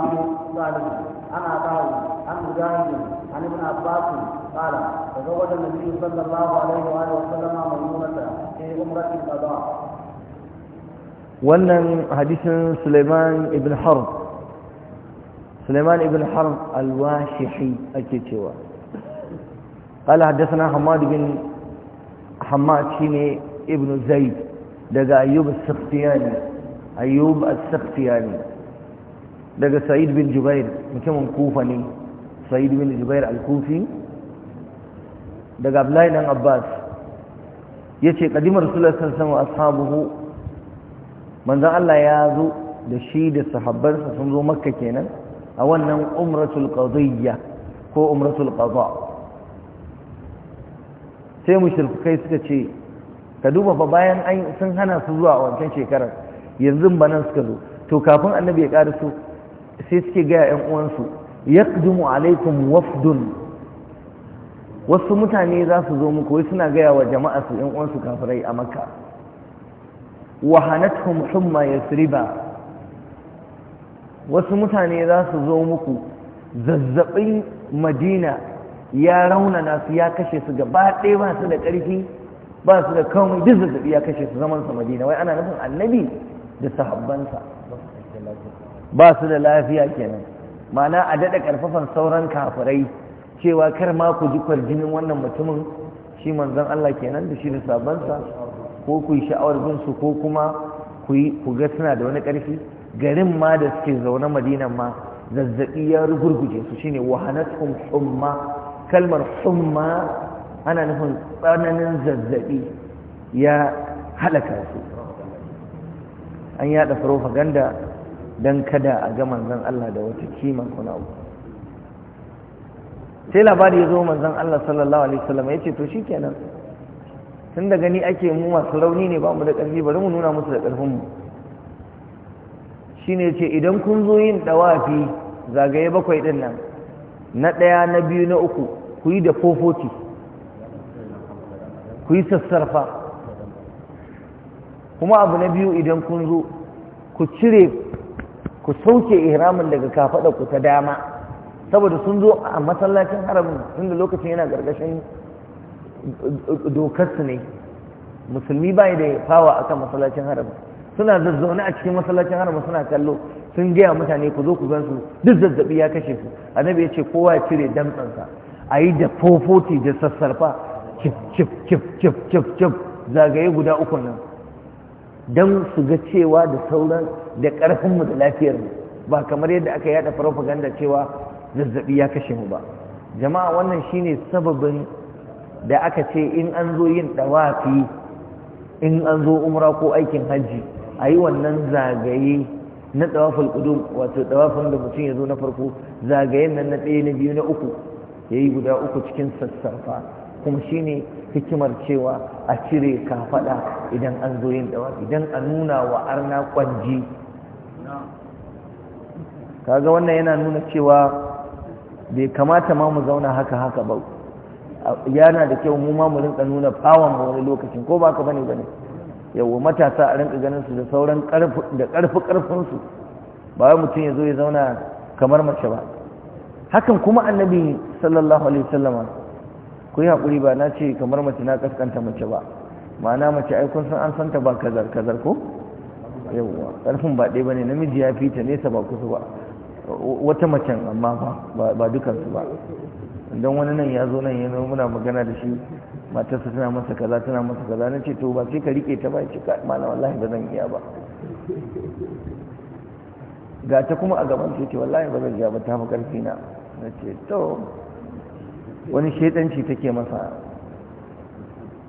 S2: صالح عن عطاء عن مجاهد عن ابن عباس قال تزوج النبي صلى الله عليه وآله وسلم ميمونة في عمرة القضاء
S1: wannan hadisin Suleiman ibn Harb سليمان بن حرب الواشحي أكيتشوا قال حدثنا حماد بن حماد شيني ابن زيد دقى ايوب السختياني ايوب السختياني دقى سعيد بن جبير مكم كوفني سعيد بن جبير الكوفي عبد الله بن عباس يتي قديم رسول الله صلى الله عليه وسلم واصحابه من ذا الله يازو da shi da sahabbarsa sun zo makka kenan a wannan umratul qadiyya ko umratul qada sai mushrikai suka ce ka duba fa bayan an sun hana su zuwa wancan shekarar yanzu ba nan suka zo to kafin annabi ya su sai suke ga ƴan uwansu yaqdumu alaikum wafdun wasu mutane za su zo muku wai suna gaya wa jama'a su ƴan uwansu kafirai a makka wahanatuhum humma yasriba wasu mutane za su zo muku zazzabin madina ya raunana su ya kashe su gaba ɗaya ba su da ƙarfi ba su da kawai duk zazzabi ya kashe su zaman sa madina wai ana nufin annabi da sahabbansa ba su da lafiya kenan ma'ana a daɗa ƙarfafan sauran kafirai cewa kar ma ku ji kwarjinin wannan mutumin shi manzon Allah kenan da shi da sahabbansa ko ku yi sha'awar binsu ko kuma ku ga suna da wani ƙarfi garin ma da suke zaune madina ma zazzabi ya rugurguje su shine wahanat humma kalmar humma ana nufin tsananin zazzabi ya halaka su an yada propaganda don kada a ga manzan Allah da wata kima kuna abu sai labari ya zo manzan Allah sallallahu alaihi wasallam ya ce to shi tun da gani ake mu masu rauni ne ba mu da ƙarfi bari mu nuna musu da ƙarfinmu shine ce idan kun zo yin ɗawafi zagaye bakwai din nan na ɗaya na biyu na uku ku yi da fofoti ku yi sassarfa kuma abu na biyu idan kun zo ku cire ku sauke ihramin daga kafaɗa ku ta dama saboda sun zo a masallacin haramin inda lokacin yana gargashin dokarsu ne musulmi bai da fawa akan masallacin haramin suna zazzaune a cikin masallacin harama suna kallo sun gaya mutane ku zo ku gan su duk zazzabi ya kashe su annabi ya ce kowa ya cire damtsansa a yi da fofoti da sassarfa cif cif cif cif cif cif zagaye guda uku nan dan su ga cewa da sauran da ƙarfinmu da lafiyarmu ba kamar yadda aka yada propaganda cewa zazzabi ya kashe mu ba jama'a wannan shine sababin da aka ce in an zo yin dawafi in an zo umra ko aikin hajji a yi wannan zagaye na tsawafin wato tsawafin da mutum ya zo na farko zagayen nan na ɗaya na biyu na uku ya yi guda uku cikin sassafa kuma shi ne hikimar cewa a cire kafaɗa idan an zo yin ɗawa idan a nuna wa arna ƙwanji kaga wannan yana nuna cewa bai kamata ma mu zauna haka haka ba yana da kyau mu ma mu rinka nuna fawon wani lokacin ko ba ka bane bane yawo matasa a rinka ganin su da sauran da karfi karfin su ba wai mutum ya zo ya zauna kamar mace ba hakan kuma annabi sallallahu alaihi wasallam ku yi hakuri ba na ce kamar mace na kaskanta mace ba ma'ana mace ai kun san an santa ba kazar kazar ko yawa karfin ba ɗaya bane namiji ya fita ta nesa ba kusa ba wata macen amma ba ba dukansu ba don wani nan ya zo nan ya muna magana da shi matarsa tana masa kaza tana masa kaza na ce to ba sai ka rike ta ba ce ka mana wallahi ba zan iya ba ga ta kuma a gaban ce wallahi ba zan iya ba ta fi karfi na na ce to wani shaidanci take masa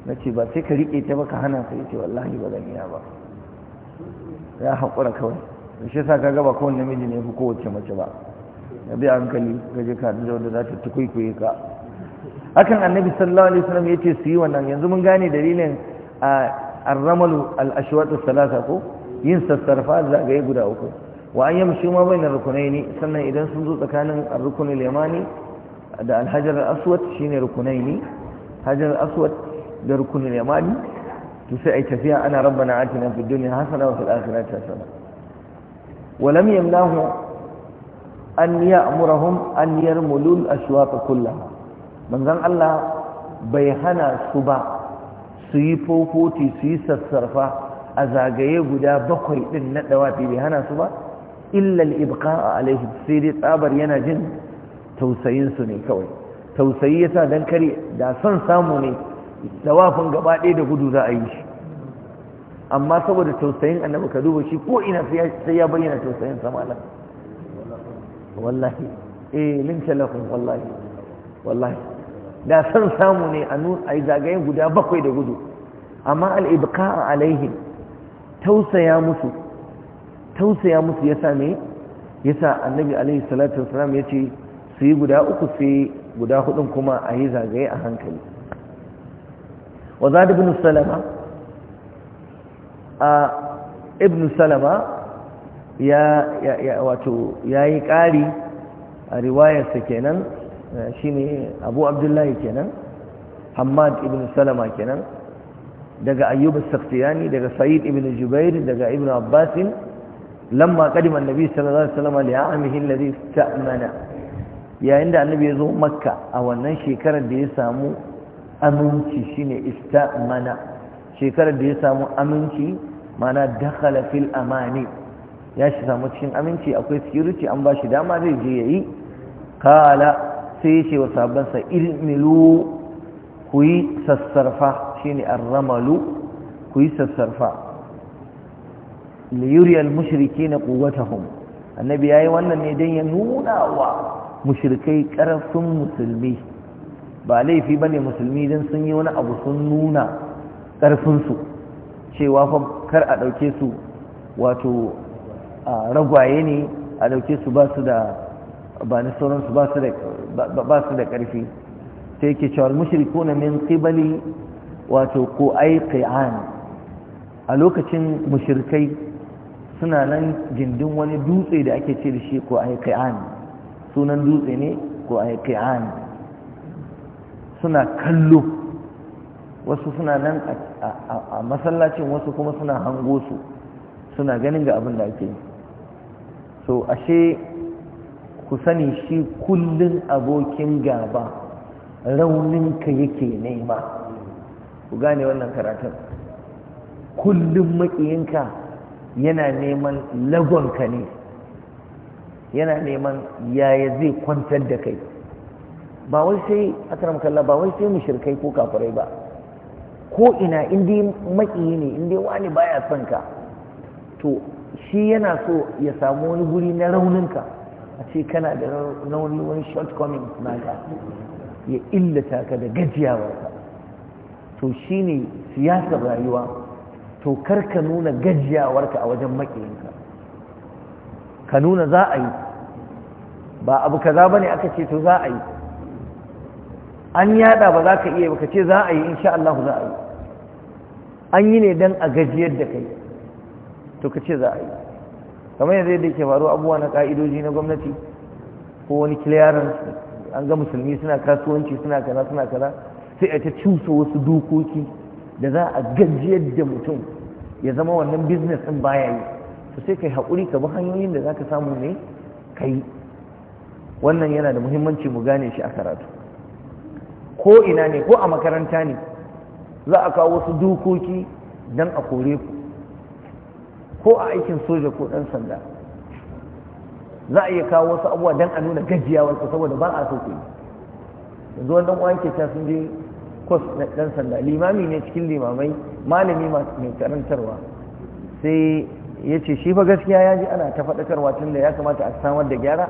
S1: na ce ba sai ka rike ta ba ka hana ka ce wallahi ba zan iya ba ya haƙura kawai da shi sa ka gaba kowane namiji ne fi kowace mace ba ya bi hankali ka je ka da wanda za ta tukwikwaye ka hakan annabi sallallahu alaihi wasallam yace su yi wannan yanzu mun gane dalilin ar-ramalu al-ashwatu thalatha ko yin sassarfa zagaye guda uku wa an yamshi ma bainar rukunaini sannan idan sun zo tsakanin ar-rukunul yamani da al-hajar al-aswad shine rukunaini hajar al-aswad da rukunul yamani to sai ai tafiya ana rabbana atina fid dunya hasana wa fil akhirati hasana wa lam yamnahu an ya'murahum an yarmulul ashwata kullaha manzon Allah bai hana su ba su yi fofoti su yi sassarfa a zagaye guda bakwai din na dawafi bai hana su ba Illal al a alaihi sai dai tsabar yana jin tausayinsu ne kawai tausayi yasa dan kare da son samu ne dawafin gaba ɗaya da gudu za a yi shi amma saboda tausayin annabi ka duba shi ko ina sai ya bayyana tausayin sa malam wallahi eh lin talafin wallahi wallahi da san samu ne a yi zagayen guda bakwai da gudu amma al'ibka alaihim tausaya musu tausaya musu ya sa ne yasa annabi alaihi salatu wasalam ya ce su yi guda uku sai guda hudun kuma a yi zagaye a hankali wa za da ibn salama a ibnu salama ya wato ya yi ƙari a riwayarsa kenan shine abu abdullahi kenan hamad ibn salama kenan daga ayyub as daga sa'id ibn jubair daga ibn abbas lamma qadima annabi sallallahu alaihi wasallam li amihi alladhi ta'mana yayin da annabi ya zo makka a wannan shekarar da ya samu aminci shine istamana shekarar da ya samu aminci mana dakhala fil amani ya shi samu cikin aminci akwai security an ba shi dama zai je yayi kala sai ce wa sabansa ilmilu ku yi sassarfa Shi ne shine ramalu ku yi sassarfa liyuriyar mashirki na hun annabi ya yi wannan ne don ya nuna wa mushrikai ƙarfin musulmi ba laifi ba ne musulmi dan sun yi wani abu sun nuna karfin cewa kar a dauke su wato ragwaye ne a ɗauke su ba su da ba na sauransu ba su da ƙarfi ta yake cewa mushriku na min ƙibali wato ko ai a lokacin mushrikai suna nan gindin wani dutse da ake ce da shi ko ai sunan dutse ne ko ai suna kallo wasu suna nan a masallacin wasu kuma suna hango su suna ganin ga abin da ake yi so ashe ku sani shi kullum abokin gaba rauninka yake nema ku gane wannan karatun Kullum maƙiyinka yana neman lagonka ne yana neman yaya zai kwantar da kai ba wai sai akram kalla ba wai sai shirkai ko kafirai ba ko ina inda maƙiyi ne inda wani baya son ka to shi yana so ya samu wani guri na rauninka a ce kana da rauni wani shortcoming naka ya illata ka da gajiyawarka to shi ne siyasar rayuwa to kar ka nuna gajiyawarka a wajen makiyinka ka nuna za a yi ba abu kaza bane aka ce to za a yi an yada ba za ka iya ba ka ce za a yi insha Allah za a yi an yi ne don a gajiyar da kai to ka ce za a yi kamar yanzu yadda ke faru abubuwa na ka'idoji na gwamnati ko wani clearance an ga musulmi suna kasuwanci suna kaza suna kaza sai a ta cusa wasu dokoki da za a gajiyar da mutum ya zama wannan business din baya yi to sai kai haƙuri ka bi hanyoyin da zaka samu ne kai wannan yana da muhimmanci mu gane shi a karatu ko ina ne ko a makaranta ne za a kawo wasu dokoki don a kore ku ko a aikin soja ko ɗan sanda za a iya kawo wasu abuwa don a nuna gajiyawarsa saboda ba a so ku yanzu wannan uwan ke ta sun je kwas na ɗan sanda limami ne cikin limamai malami mai karantarwa sai ya ce shi fa gaskiya ya ji ana ta faɗakarwa tun da ya kamata a samar da gyara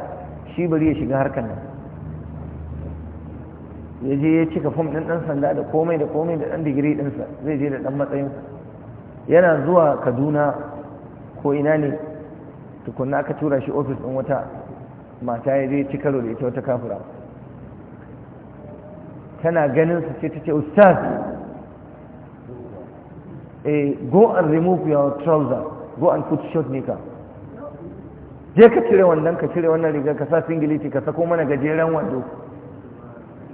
S1: shi bari ya shiga harkar nan ya je ya cika fom ɗin ɗan sanda da komai da komai da ɗan digiri ɗinsa zai je da ɗan matsayinsa yana zuwa kaduna ko ina ne tukunna aka tura shi ofis ɗin wata mata ya zai ci karo da ita wata kafura tana ganin su ce ta ce ustaz a eh, go and remove your trouser go and put short nika je ka cire wannan ka cire wannan rigar ka sa singiliti ka sako mana gajeren wando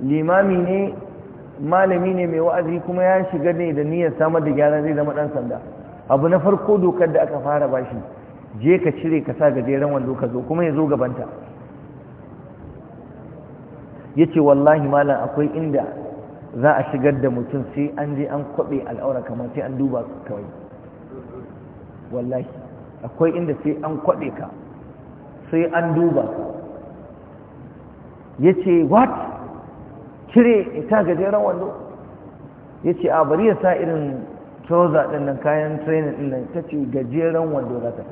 S1: limami ne malami ne mai wa'azi kuma ya shiga ne da niyyar samar da gyara zai zama dan sanda abu na farko dokar da aka fara bashi je ka cire ka sa gajeren wando ka zo kuma ya zo gabanta ya ce wallahi malam akwai inda za a shigar da mutum sai an je an kwaɓe al'aura kamar sai an duba kawai wallahi akwai inda sai an kwaɗe ka sai an duba ya ce what cire ita gajeren wando ya ce a bari ya sa irin troza ɗin nan kayan training ɗin nan ta ce gajeren wando za ta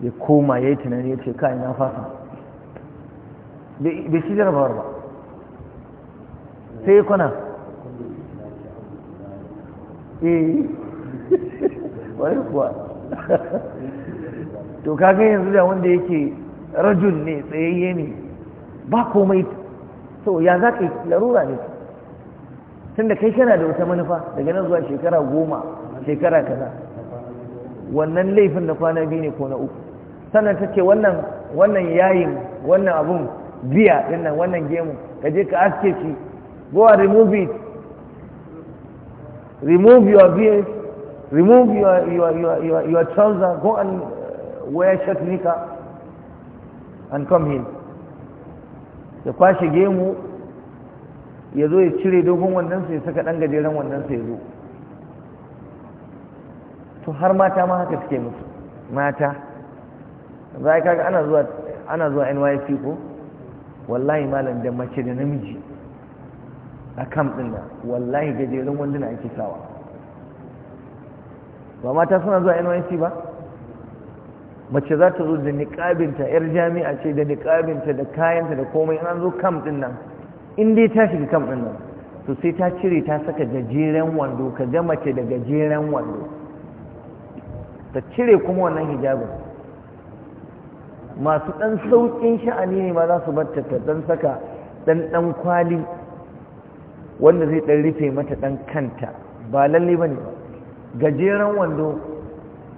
S1: ya koma ya yi tunani ya ce kayan na fasa bai shi jarabawar ba sai kwana eh wani kuwa to kaga yanzu da wanda yake rajul ne tsayayye ne ba komai so ya za ka yi larura ne tunda kai kana da wata manufa daga nan zuwa shekara goma shekara kaza wannan laifin da kwana biyu ne ko na uku sannan ta ce wannan yayin wannan abun biya dinnan wannan gemu ka je ka aske shi go and remove it remove your beard remove your your your your, your trouser go and uh, wear shirt nika and come here ya kwashe gemu ya zo ya cire dogon wannan sai saka ɗan gajeren wannan sai zo to har mata ma haka suke musu mata za ka ga ana zuwa ana zuwa NYC ko wallahi malam da mace da namiji a kam ɗin nan wallahi gajeren wanduna ake sawa ba mata suna zuwa NYC ba mace za ta zo da niƙabinta 'yar jami'a ce da niƙabinta da kayanta da komai an zo kam ɗin nan in dai ta shiga kan ɗin nan to sai ta cire ta saka gajeren wando ka ga mace da gajeren wando ta cire kuma wannan hijabin masu ɗan sauƙin sha'ani ne ma za su bar ta ɗan saka ɗan ɗan kwali wanda zai ɗan rufe mata ɗan kanta ba lalle ba ne gajeren wando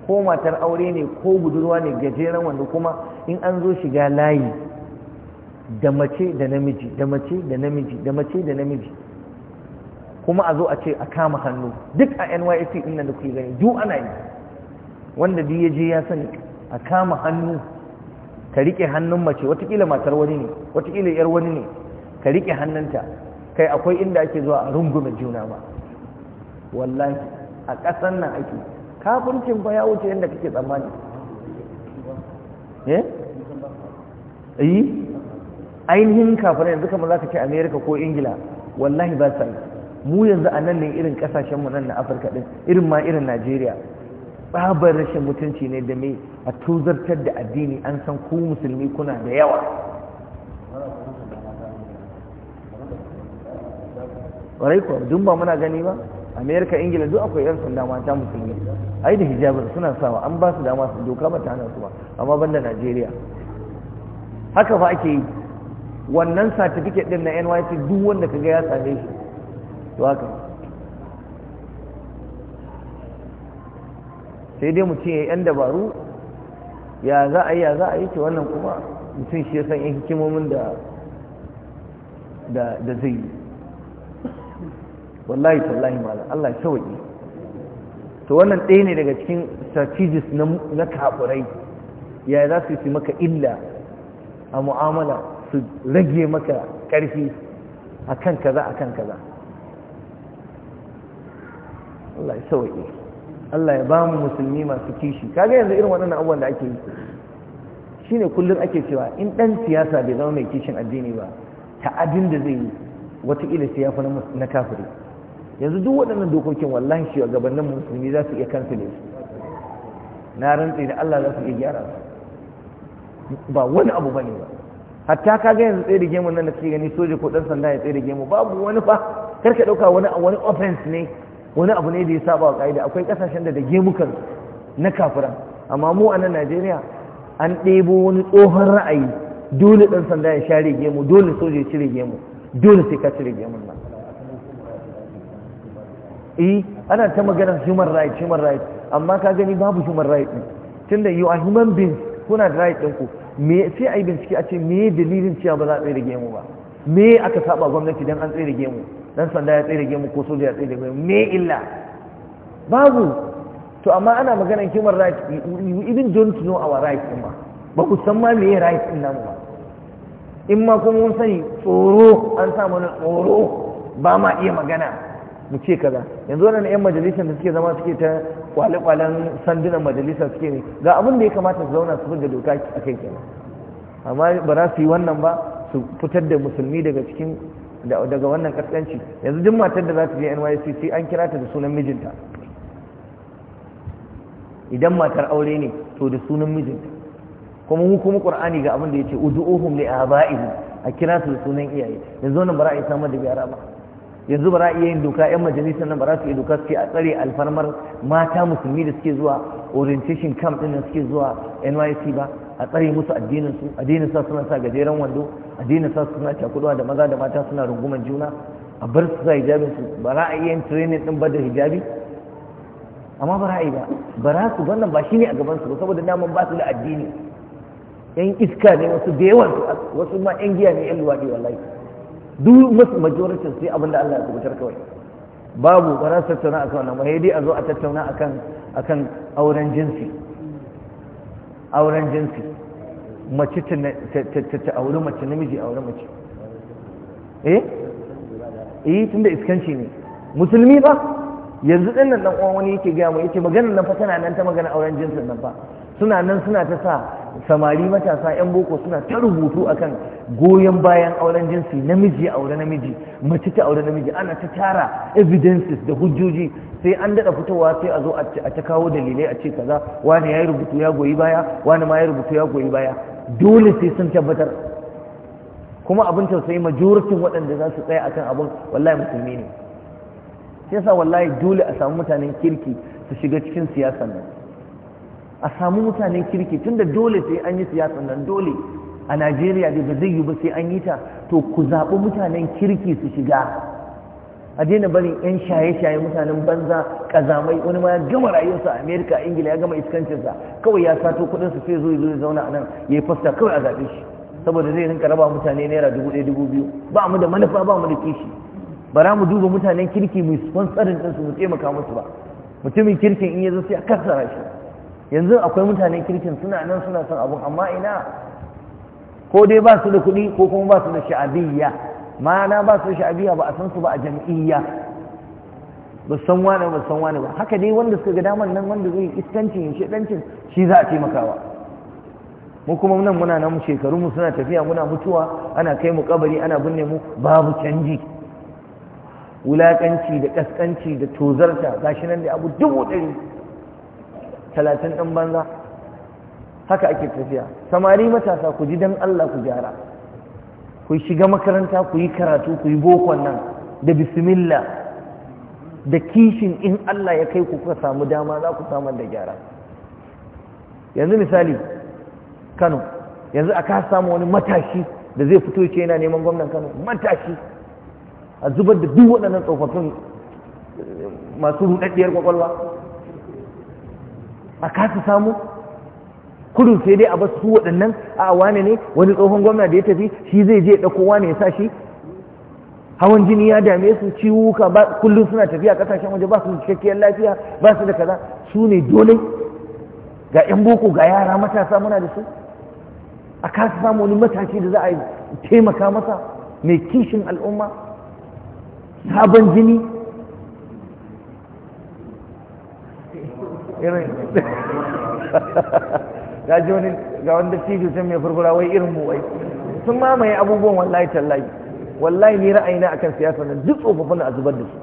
S1: ko matar aure ne ko budurwa ne gajeren wando kuma in an zo shiga layi da mace da namiji da mace da namiji da mace da namiji kuma a zo a ce a kama hannu duk a NYSC inda da kuke gani duk ana yi wanda duk ya je ya sani a kama hannu ka rike hannun mace watakila matar wani ne watakila yar wani ne ka rike hannunta kai akwai inda ake zuwa a rungume juna ba wallahi a kasan nan ake kafircin ba ya wuce yadda kake tsammani eh ainihin kafirai yanzu kamar ka ce Amerika ko Ingila wallahi ba sa mu yanzu a nan ne irin kasashen mu nan na Afirka din irin ma irin Najeriya babar rashin mutunci ne da mai a tuzartar da addini an san ku musulmi kuna da yawa warai kuwa dun ba muna gani ba amerika ingila duk akwai yan sanda mata musulmi ai da hijabin suna sawa an ba su dama su doka ba ta hana su ba amma banda najeriya haka ba ake yi wannan certificate din na NYC duk wanda ka ga ya same shi to haka sai dai mutum ya yan dabaru ya za a yi ya za a yi ce wannan kuma mutum shi ya san yan hikimomin da da zai yi wallahi tallahi ma'ala Allah ya sauƙi to wannan ɗaya ne daga cikin strategies na kafurai ya za su yi maka illa a mu'amala su rage maka ƙarfi a kan kaza a kan kaza Allah ya sauƙi Allah ya ba mu musulmi masu kishi kaga yanzu irin wannan abubuwan da ake yi shi ne kullum ake cewa in ɗan siyasa bai zama mai kishin addini ba adin da zai yi wataƙila sai ya fi na kafiri yanzu duk waɗannan dokokin wallahi shi a gabanin musulmi za su iya kansile
S3: su
S1: na rantsi da Allah za su iya gyara su ba wani abu bane ba hatta ka ga yanzu tsere gemu nan da gani soja ko dan sanda ya tsere gemu babu wani fa kar ka dauka wani wani offense ne wani abu ne da ya saba wa kaida akwai kasashen da da gemukan na kafiran amma mu a nan Najeriya an ɗebo wani tsohon ra'ayi dole dan sanda ya share gemu dole soja ya cire gemu dole sai ka cire gemun nan eh ana ta maganar human rights human rights amma ka gani babu human rights ne. tunda you are human beings kuna da right ɗinku me sai a yi bincike a ce me dalilin cewa ba za a tsere gemu ba me aka saba gwamnati dan an tsere gemu dan sanda ya tsere gemu ko soja ya tsere gemu me illa babu to amma ana magana human rights you even don't know our rights in ba ba ku san ma meye rights din namu ba in ma kuma mun sani tsoro an sa mana tsoro ba ma iya magana mu ce kaza yanzu wannan yan majalisar da suke zama suke ta kwale-kwalen sandunan majalisa suke ne ga abin da ya kamata su zauna su da doka a kai kenan amma ba za su yi wannan ba su fitar da musulmi daga cikin daga wannan kaskanci yanzu duk matar da za ta je NYC sai an kira ta da sunan mijinta idan matar aure ne to da sunan mijinta kuma kuma Qur'ani ga abin da yace ud'uhum li aba'ihim a kira su da sunan iyaye yanzu wannan ba za a samar da gyara ba yanzu ba za a iya yin doka yan majalisar nan ba za su yi doka suke a tsare alfarmar mata musulmi da suke zuwa orientation camp din da suke zuwa NYC ba a tsare musu addinin su addinin sa suna sa gajeren wando addinin sa suna cakuduwa da maza da mata suna runguman juna a bar su sa hijabin su ba za a iya yin training din ba da hijabi amma ba za a yi ba ba za su wannan ba shine a gaban su ba saboda naman ba su da addini yan iska ne wasu da yawan wasu ma yan giya ne yan luwaɗi wallahi duk masu majoritin sai abin da Allah ya kubutar kawai babu ba za su tattauna akan wannan ba dai a zo a tattauna akan akan auren jinsi auren jinsi mace ta auri mace namiji auri mace eh eh tunda iskanci ne musulmi ba yanzu din nan dan uwan wani yake ga mu yake magana nan fa tana nan ta magana auren jinsin nan fa suna nan suna ta sa samari matasa 'yan boko suna ta rubutu akan goyon bayan auren jinsi namiji aure namiji mace ta aure namiji ana ta tara evidences da hujjoji sai an daɗa fitowa sai a zo a ta kawo dalilai a ce kaza wani ya yi rubutu ya goyi baya wani ma ya rubutu ya goyi baya dole sai sun tabbatar kuma abin tausayi majoritin waɗanda za su tsaya akan abin wallahi musulmi ne shi yasa wallahi dole a samu mutanen kirki su shiga cikin siyasan nan a samu mutanen kirki tun da dole sai an yi siyasa nan dole a najeriya da ba zai yi ba sai an yi ta to ku zaɓi mutanen kirki su shiga a daina barin 'yan shaye-shaye mutanen banza kazamai wani ma ya gama rayuwarsa a amerika ingila ya gama iskancinsa kawai ya sato su sai zo ya zauna a nan ya yi fasta kawai a zaɓe shi saboda zai rinka raba mutane naira dubu ɗaya dubu biyu ba mu da manufa ba mu da kishi bara mu duba mutanen kirki mu sponsorin ɗinsu mu taimaka musu ba mutumin kirkin in ya zo sai a kasara shi yanzu akwai mutane kirkin suna nan suna son abu, amma ina ko dai ba su da kuɗi ko kuma ba su da sha'abiyya ma'ana ba su da sha'abiyya ba a san su ba a jam'iyya ba san wane ba san wane ba haka dai wanda suka ga daman nan wanda zai iskancin ya shedancin shi za a taimakawa mu kuma nan muna nan shekaru mu suna tafiya muna mutuwa ana kai mu kabari ana binne mu babu canji wulakanci da kaskanci da tozarta gashi nan da abu dubu ɗari talatin ɗin banza haka ake tafiya samari matasa ku ji don Allah ku gyara ku shiga makaranta ku yi karatu ku yi bokon nan da bismillah da kishin in Allah ya kai ku kuka samu dama za ku samar da gyara yanzu misali kano yanzu a ka samu wani matashi da zai fito ce yana neman gwamnan kano matashi a zubar da duk waɗannan tsofaffin eh, masu ruɗaɗɗiyar kwakwalwa a kasa samu kudu sai dai a ba su waɗannan a wane ne wani tsohon gwamna da ya tafi shi zai je ɗauko wane ya sa shi hawan jini ya dame su ciwuka ba kullum suna tafiya ƙasashen waje ba su cikakkiyar lafiya ba su da kaza su ne dole ga 'yan boko ga yara matasa muna da su a kasa samu wani matashi da za a taimaka masa mai kishin al'umma sabon jini irin ga ji wani ga wanda TV sun mai furfura wai irin mu wai sun mamaye abubuwan wallahi tallahi wallahi ni ra'ayina akan siyasa na duk tsofaffin a zubar da su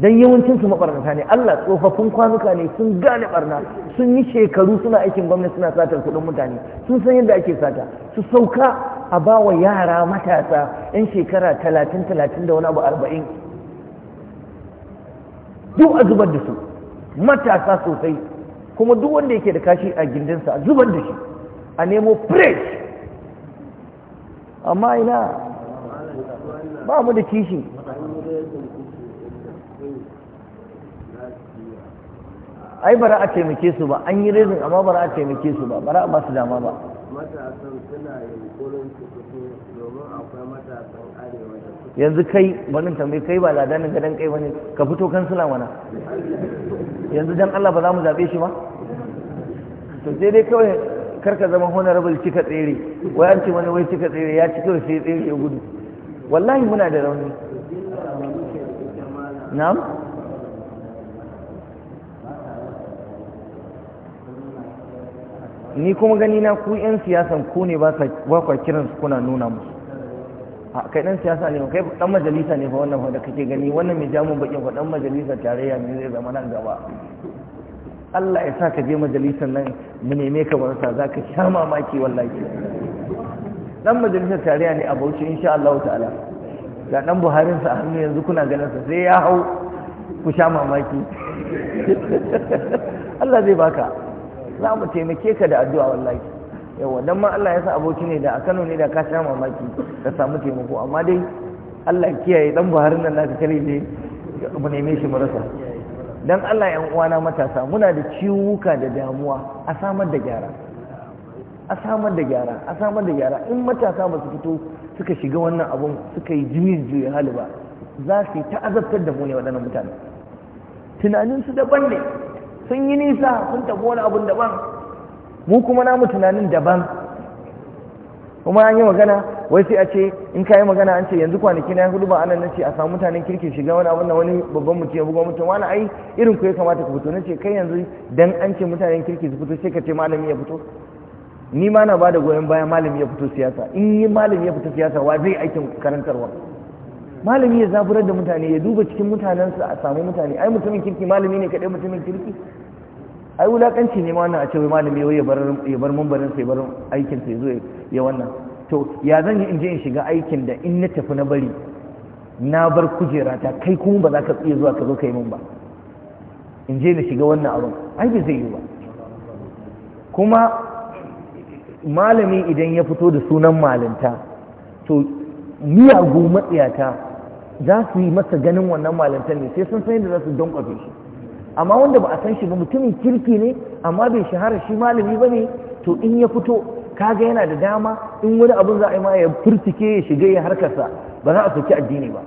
S1: dan yawancin su mabarnata ne Allah tsofaffin kwanuka ne sun gane barna sun yi shekaru suna aikin gwamnati suna satar kudin mutane sun san yadda ake sata su sauka a bawa yara matasa yan shekara talatin talatin da wani abu arba'in duk a zubar da su matasa sosai kuma duk wanda yake da kashi a gindinsa a zubar da shi a nemo fresh amma ina ba mu da kishi ai bara a taimake su ba an yi rezin amma bara a taimake su ba bara a ba su dama ba
S3: matasan suna domin akwai matasan arewa
S1: yanzu kai wani tambayi kai ba ladanin gadon kai wani ka fito kan sula mana yanzu don Allah ba za mu zaɓe shi ba to sai dai kawai karka zama honorable cika tsere wai an ce wani wai cika tsere ya ci kawai sai tsere ya gudu wallahi muna da rauni na'am ni kuma gani na ku 'yan siyasan ku ne ba kwa kiransu kuna nuna musu kai dan siyasa ne kai dan majalisa ne fa wannan da kake gani wannan mai jamu bakin fa dan majalisa tarayya ne zai zama nan gaba Allah ya sa ka je majalisan nan mu neme ka barasa za ka sha mamaki wallahi dan majalisa tarayya ne a Bauchi insha Allah ta'ala ga dan Buharin sa hannu yanzu kuna ganin sa sai ya hau ku sha mamaki Allah zai baka za mu taimake ka da addu'a wallahi yawa dan ma Allah ya sa aboki ne da a Kano ne da ka sha mamaki ka samu taimako amma dai Allah kiyaye dan Buhari nan naka kare ne mu neme shi mu rasa dan Allah yan uwana matasa muna da ciwuka da damuwa a samar da gyara a samar da gyara a samar da gyara in matasa ba su fito suka shiga wannan abun suka yi juyin juya hali ba za su yi ta'azabtar da mu ne waɗannan mutane tunaninsu daban ne sun yi nisa sun tafi wani abun daban mu kuma namu tunanin daban kuma an yi magana wai sai a ce in ka yi magana an ce yanzu kwanaki na hudu ba anan na ce a samu mutanen kirki shiga wani abin da wani babban mutum ya buga mutum wani ai irin ku ya kamata ku fito na ce kai yanzu dan an ce mutanen kirki su fito sai ka ce malami ya fito ni ma na bada goyon baya malami ya fito siyasa in yi malami ya fito siyasa wa zai aikin karantarwa malami ya zaburar da mutane ya duba cikin mutanensa a samu mutane ai mutumin kirki malami ne kaɗai mutumin kirki ai wulakanci ne ma wannan a ce wai malami ya bar ya bar mambarin sai bar aikin sai zo ya wannan to ya zan yi in je in shiga aikin da in na tafi na bari na bar kujera ta kai kuma ba za ka iya zuwa ka zo ka yi ba in je na shiga wannan abin ai bai zai yi ba kuma malami idan ya fito da sunan malinta to miyagu matsiyata za su yi masa ganin wannan malintan ne sai sun san yadda za su don shi amma wanda ba a san shi ba mutumin kirki ne amma bai shahara shi malami ba ne to in ya fito kaga yana da dama in wani abin za a yi ma ya furtike ya shiga ya harkarsa ba za a soki addini ba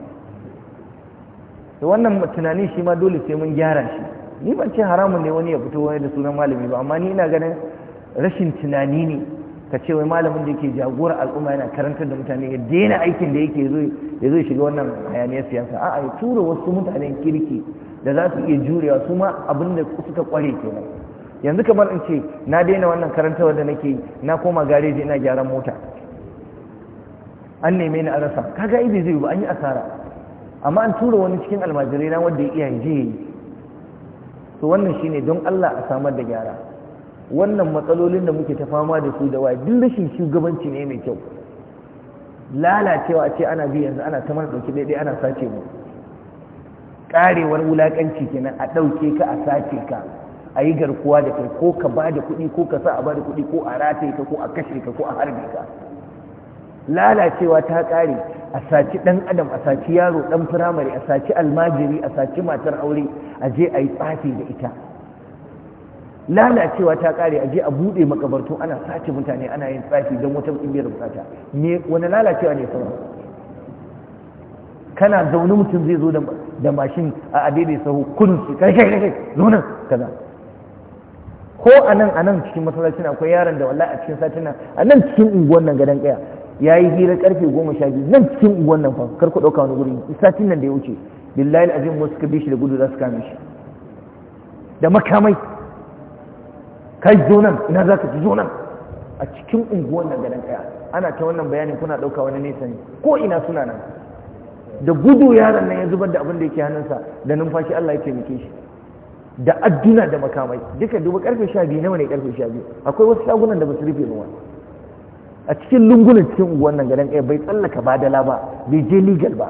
S1: to wannan tunani shi ma dole sai mun gyara shi ni ban ce haramun ne wani ya fito wani da sunan malami ba amma ni ina ganin rashin tunani ne ka ce wai malamin da yake jagoran al'umma yana karantar da mutane ya daina aikin da yake zo ya shiga wannan hayaniyar siyasa a'a ya tura wasu mutanen kirki da za su iya jurewa su ma abin da suka kware kenan yanzu kamar in ce na daina wannan karanta da nake na koma gareji ina gyaran mota an neme ni a rasa kaga ai zai ba an yi asara amma an tura wani cikin almajirai na wanda ya iya yi yi to wannan shine don Allah a samar da gyara wannan matsalolin da muke ta fama da su da waya duk rashin shugabanci ne mai kyau lalacewa ce ana bi yanzu ana ta mana dauki daidai ana sace mu karewar wulakanci kenan a ɗauke ka a sace ka a yi garkuwa da kai ko ka ba da kuɗi ko ka sa a ba da kuɗi ko a rataye ka ko a kashe ka ko a harbe ka lalacewa ta ƙare a saci ɗan adam a saci yaro ɗan firamare a saci almajiri a saci matar aure a je a yi tsafi da ita lalacewa ta ƙare a je a buɗe makabartu ana sace mutane ana yin tsafi don wata ƙungiyar bukata wani lalacewa ne sauran kana zaune mutum zai zo da da mashin a adidai sahu kudu su kai kai kai ta kaza ko a nan a nan cikin masallacin akwai yaron da wallahi a cikin satin nan a nan cikin unguwan nan gadon kaya ya yi hira karfe goma sha biyu nan cikin unguwan nan fa kar ɗauka wani guri satin nan da ya wuce billahi azim wasu ka shi da gudu za su kame shi da makamai kai zonan ina za ka ci zonan a cikin unguwan nan gadon kaya ana ta wannan bayanin kuna ɗauka wani nesa ne ko ina suna nan da gudu yaron nan ya zubar da abin da yake hannunsa da numfashi Allah ya taimake shi da adduna da makamai duka duba karfe 12 nawa ne karfe 12 akwai wasu shagunan da ba su rufe ba a cikin lungunan cikin unguwan nan garin bai tsallaka ba badala ba bai je legal ba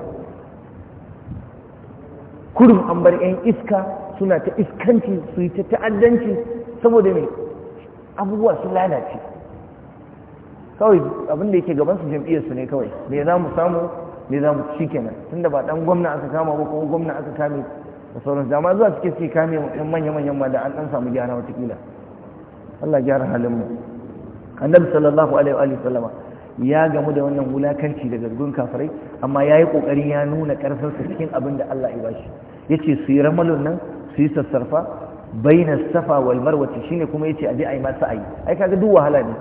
S1: kurum an bar yan iska suna ta iskanci su yi ta ta'addanci saboda me abubuwa sun lalace kawai abin da yake gaban su jam'iyyar su ne kawai me za mu samu me za mu ci kenan tunda ba dan gwamna aka kama ba kuma gwamna aka kame da sauransu dama zuwa suke suke kame manya-manyan ma da an dan samu gyara watakila Allah gyara halin mu annabi sallallahu alaihi wa sallama ya gamu da wannan wulakanci daga gurin kafirai amma ya yi ƙoƙarin ya nuna sa cikin abin da Allah ya bashi ya ce su yi ramalun nan su yi sassarfa bainar safa wal shine kuma ya ce a je a yi masa ayi ai kaga duk wahala ne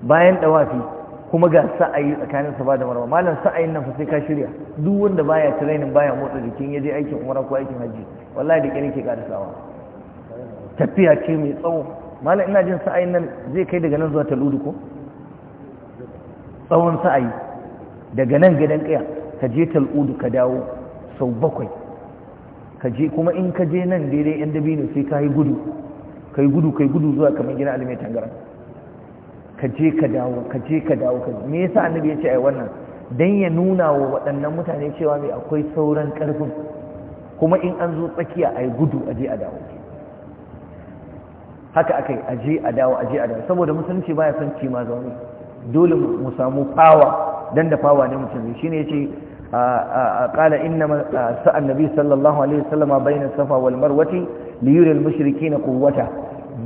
S1: bayan ɗawafi kuma ga sa'ayi tsakanin ba da marwa malam sa'ayin nan fa sai ka shirya duk wanda baya training baya motsa jikin ya je aikin umara ko aikin hajji wallahi da kire ke karisawa tafiya ce mai tsawo malam ina jin sa'ayin nan zai kai daga nan zuwa taludu ko tsawon sa'ayi daga nan gidan kaya ka je taludu ka dawo sau bakwai ka je kuma in ka je nan daidai yan dabino sai ka yi gudu ka yi gudu kai gudu zuwa kamar gina alimai tangaran ka je ka dawo ka je ka dawo ka me yasa annabi ya ce ai wannan dan ya nuna wa waɗannan mutane cewa mai akwai sauran ƙarfin kuma in an zo tsakiya ai gudu a je a dawo haka akai a je a dawo a je a dawo saboda musulunci baya son kima zaune dole mu samu fawa dan da fawa ne mutum shine yace قال إنما سأل النبي صلى الله عليه وسلم بين الصفا والمروة ليري المشركين قوته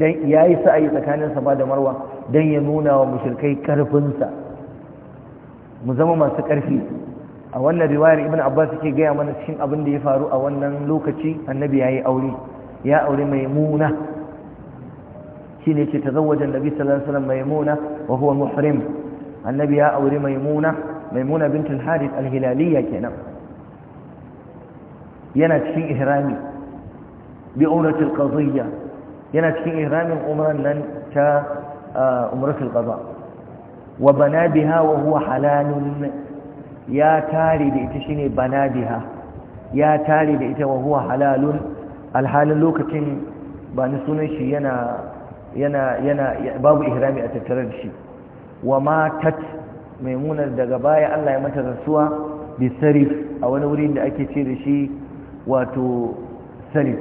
S1: yayi sa'ayi tsakanin safa bada marwa don ya nuna wa mushrikai karfinsa mu zama masu karfi a wannan riwayar ibn abbas ke gaya mana cikin abin da ya faru a wannan lokaci annabi ya yi aure ya aure maimuna shine ce tazawwaja annabi Nabi alaihi wasallam maimuna wa huwa muhrim annabi ya aure maimuna maimuna bint al-harith al-hilaliyya kenan yana cikin ihrami bi umratil qadiyya yana cikin ihramin umran nan ta umratul qada wa bana biha wa huwa halalun ya tare da ita shine bana biha ya tare da ita wa huwa halalun alhalin lokacin ba ni sunan shi yana yana yana babu ihrami a tattare da shi wa matat maimunar daga baya Allah ya mata rasuwa bi sarif a wani wurin da ake ce da shi wato sarif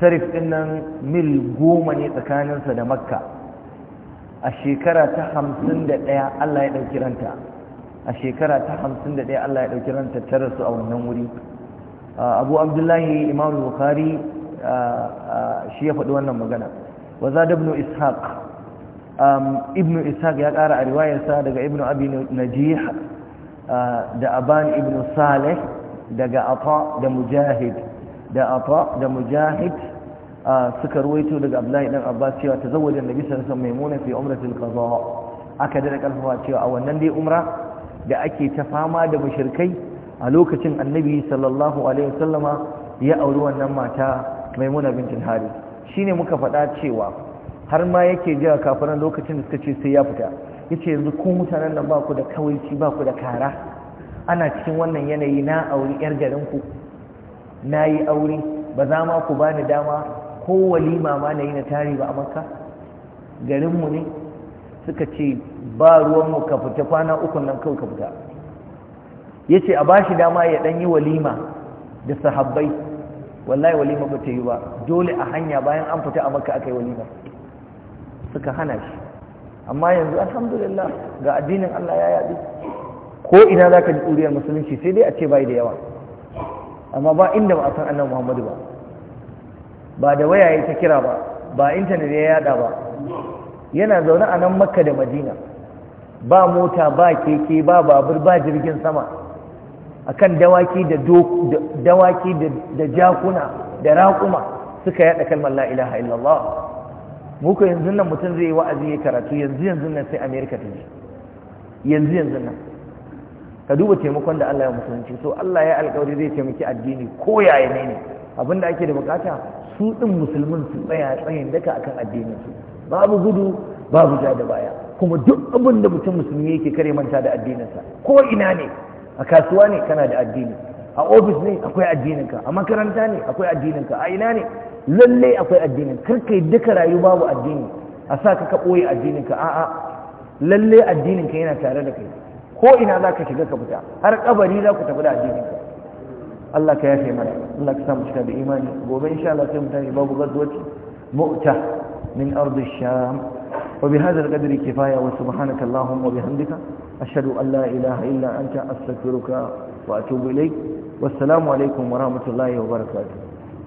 S1: sarif din nan mil goma ne tsakaninsa da makka a shekara ta hamsin da ɗaya Allah ya ɗauki ranta a shekara ta hamsin da ɗaya Allah ya ɗauki ranta ta rasu a wannan wuri abu abdullahi imam bukari shi ya faɗi wannan magana wa da ibnu ishaq ibnu ishaq ya ƙara a riwayarsa daga Ibnu abi najih da aban Ibnu salih daga ata da mujahid da ata da mujahid suka ruwaito daga Abdullahi dan Abbas cewa tazawwaja Annabi sallallahu alaihi wasallam Maimuna fi umratil qada aka da kalfawa cewa a wannan dai umra da ake ta fama da mushrikai a lokacin Annabi sallallahu alaihi wasallama ya auri wannan mata Maimuna bintul Harith shine muka faɗa cewa har ma yake jira kafiran lokacin da suka ce sai ya fita yace yanzu ku mutanen nan ba ku da kawaici ba ku da kara ana cikin wannan yanayi na auri yar garin ku nayi aure ba za ma ku bani dama ko walima ma na yi na tari ba a maka garinmu ne suka ce ba ruwanmu ka fita kwana ukun nan kawai ka fita ya ce a ba shi dama ya ɗanyi walima da sahabbai wallahi walima ba ta yi ba dole a hanya bayan an fita a maka aka yi walima suka hana shi amma yanzu alhamdulillah ga addinin Allah ya yaɗi ko ina za ka ji ɗuriyar musulunci sai dai a ce bai da yawa amma ba inda ba a san annan muhammadu ba ba da waya ya ta kira ba ba intanet ya yada ba yana zaune a nan makka da madina ba mota ba keke ba babur ba jirgin sama akan dawaki da dawaki da jakuna da raƙuma suka yada kalmar la ilaha illallah muku yanzu nan mutum zai yi wa'azi ya karatu yanzu yanzu nan sai Amerika ta ji yanzu yanzu nan ka duba taimakon da Allah ya musulunci so Allah ya alƙawari zai taimaki addini ko yaya ne ne abinda ake da bukata su din musulmin su tsaya tsayin daka akan addinin su babu gudu babu ja da baya kuma duk abin da mutum musulmi yake kare manta da sa ko ina ne a kasuwa ne kana da addini a ofis ne akwai ka a makaranta ne akwai addininka a ina ne lalle akwai addinin kar yi duka rayu babu addini a sa ka addinin addininka a'a lalle ka yana tare da kai ko ina za ka shiga ka fita har kabari za ku tafi da addininka Allah ka yafe mana Allah ka samu cika da imani gobe insha Allah sai mu tafi babu gadwaci mu'ta min ardi sham wa bi hadha al-qadri kifaya wa subhanaka allahumma wa bihamdika ashhadu an la ilaha illa anta astaghfiruka wa atubu ilayk wassalamu alaikum wa rahmatullahi wa barakatuh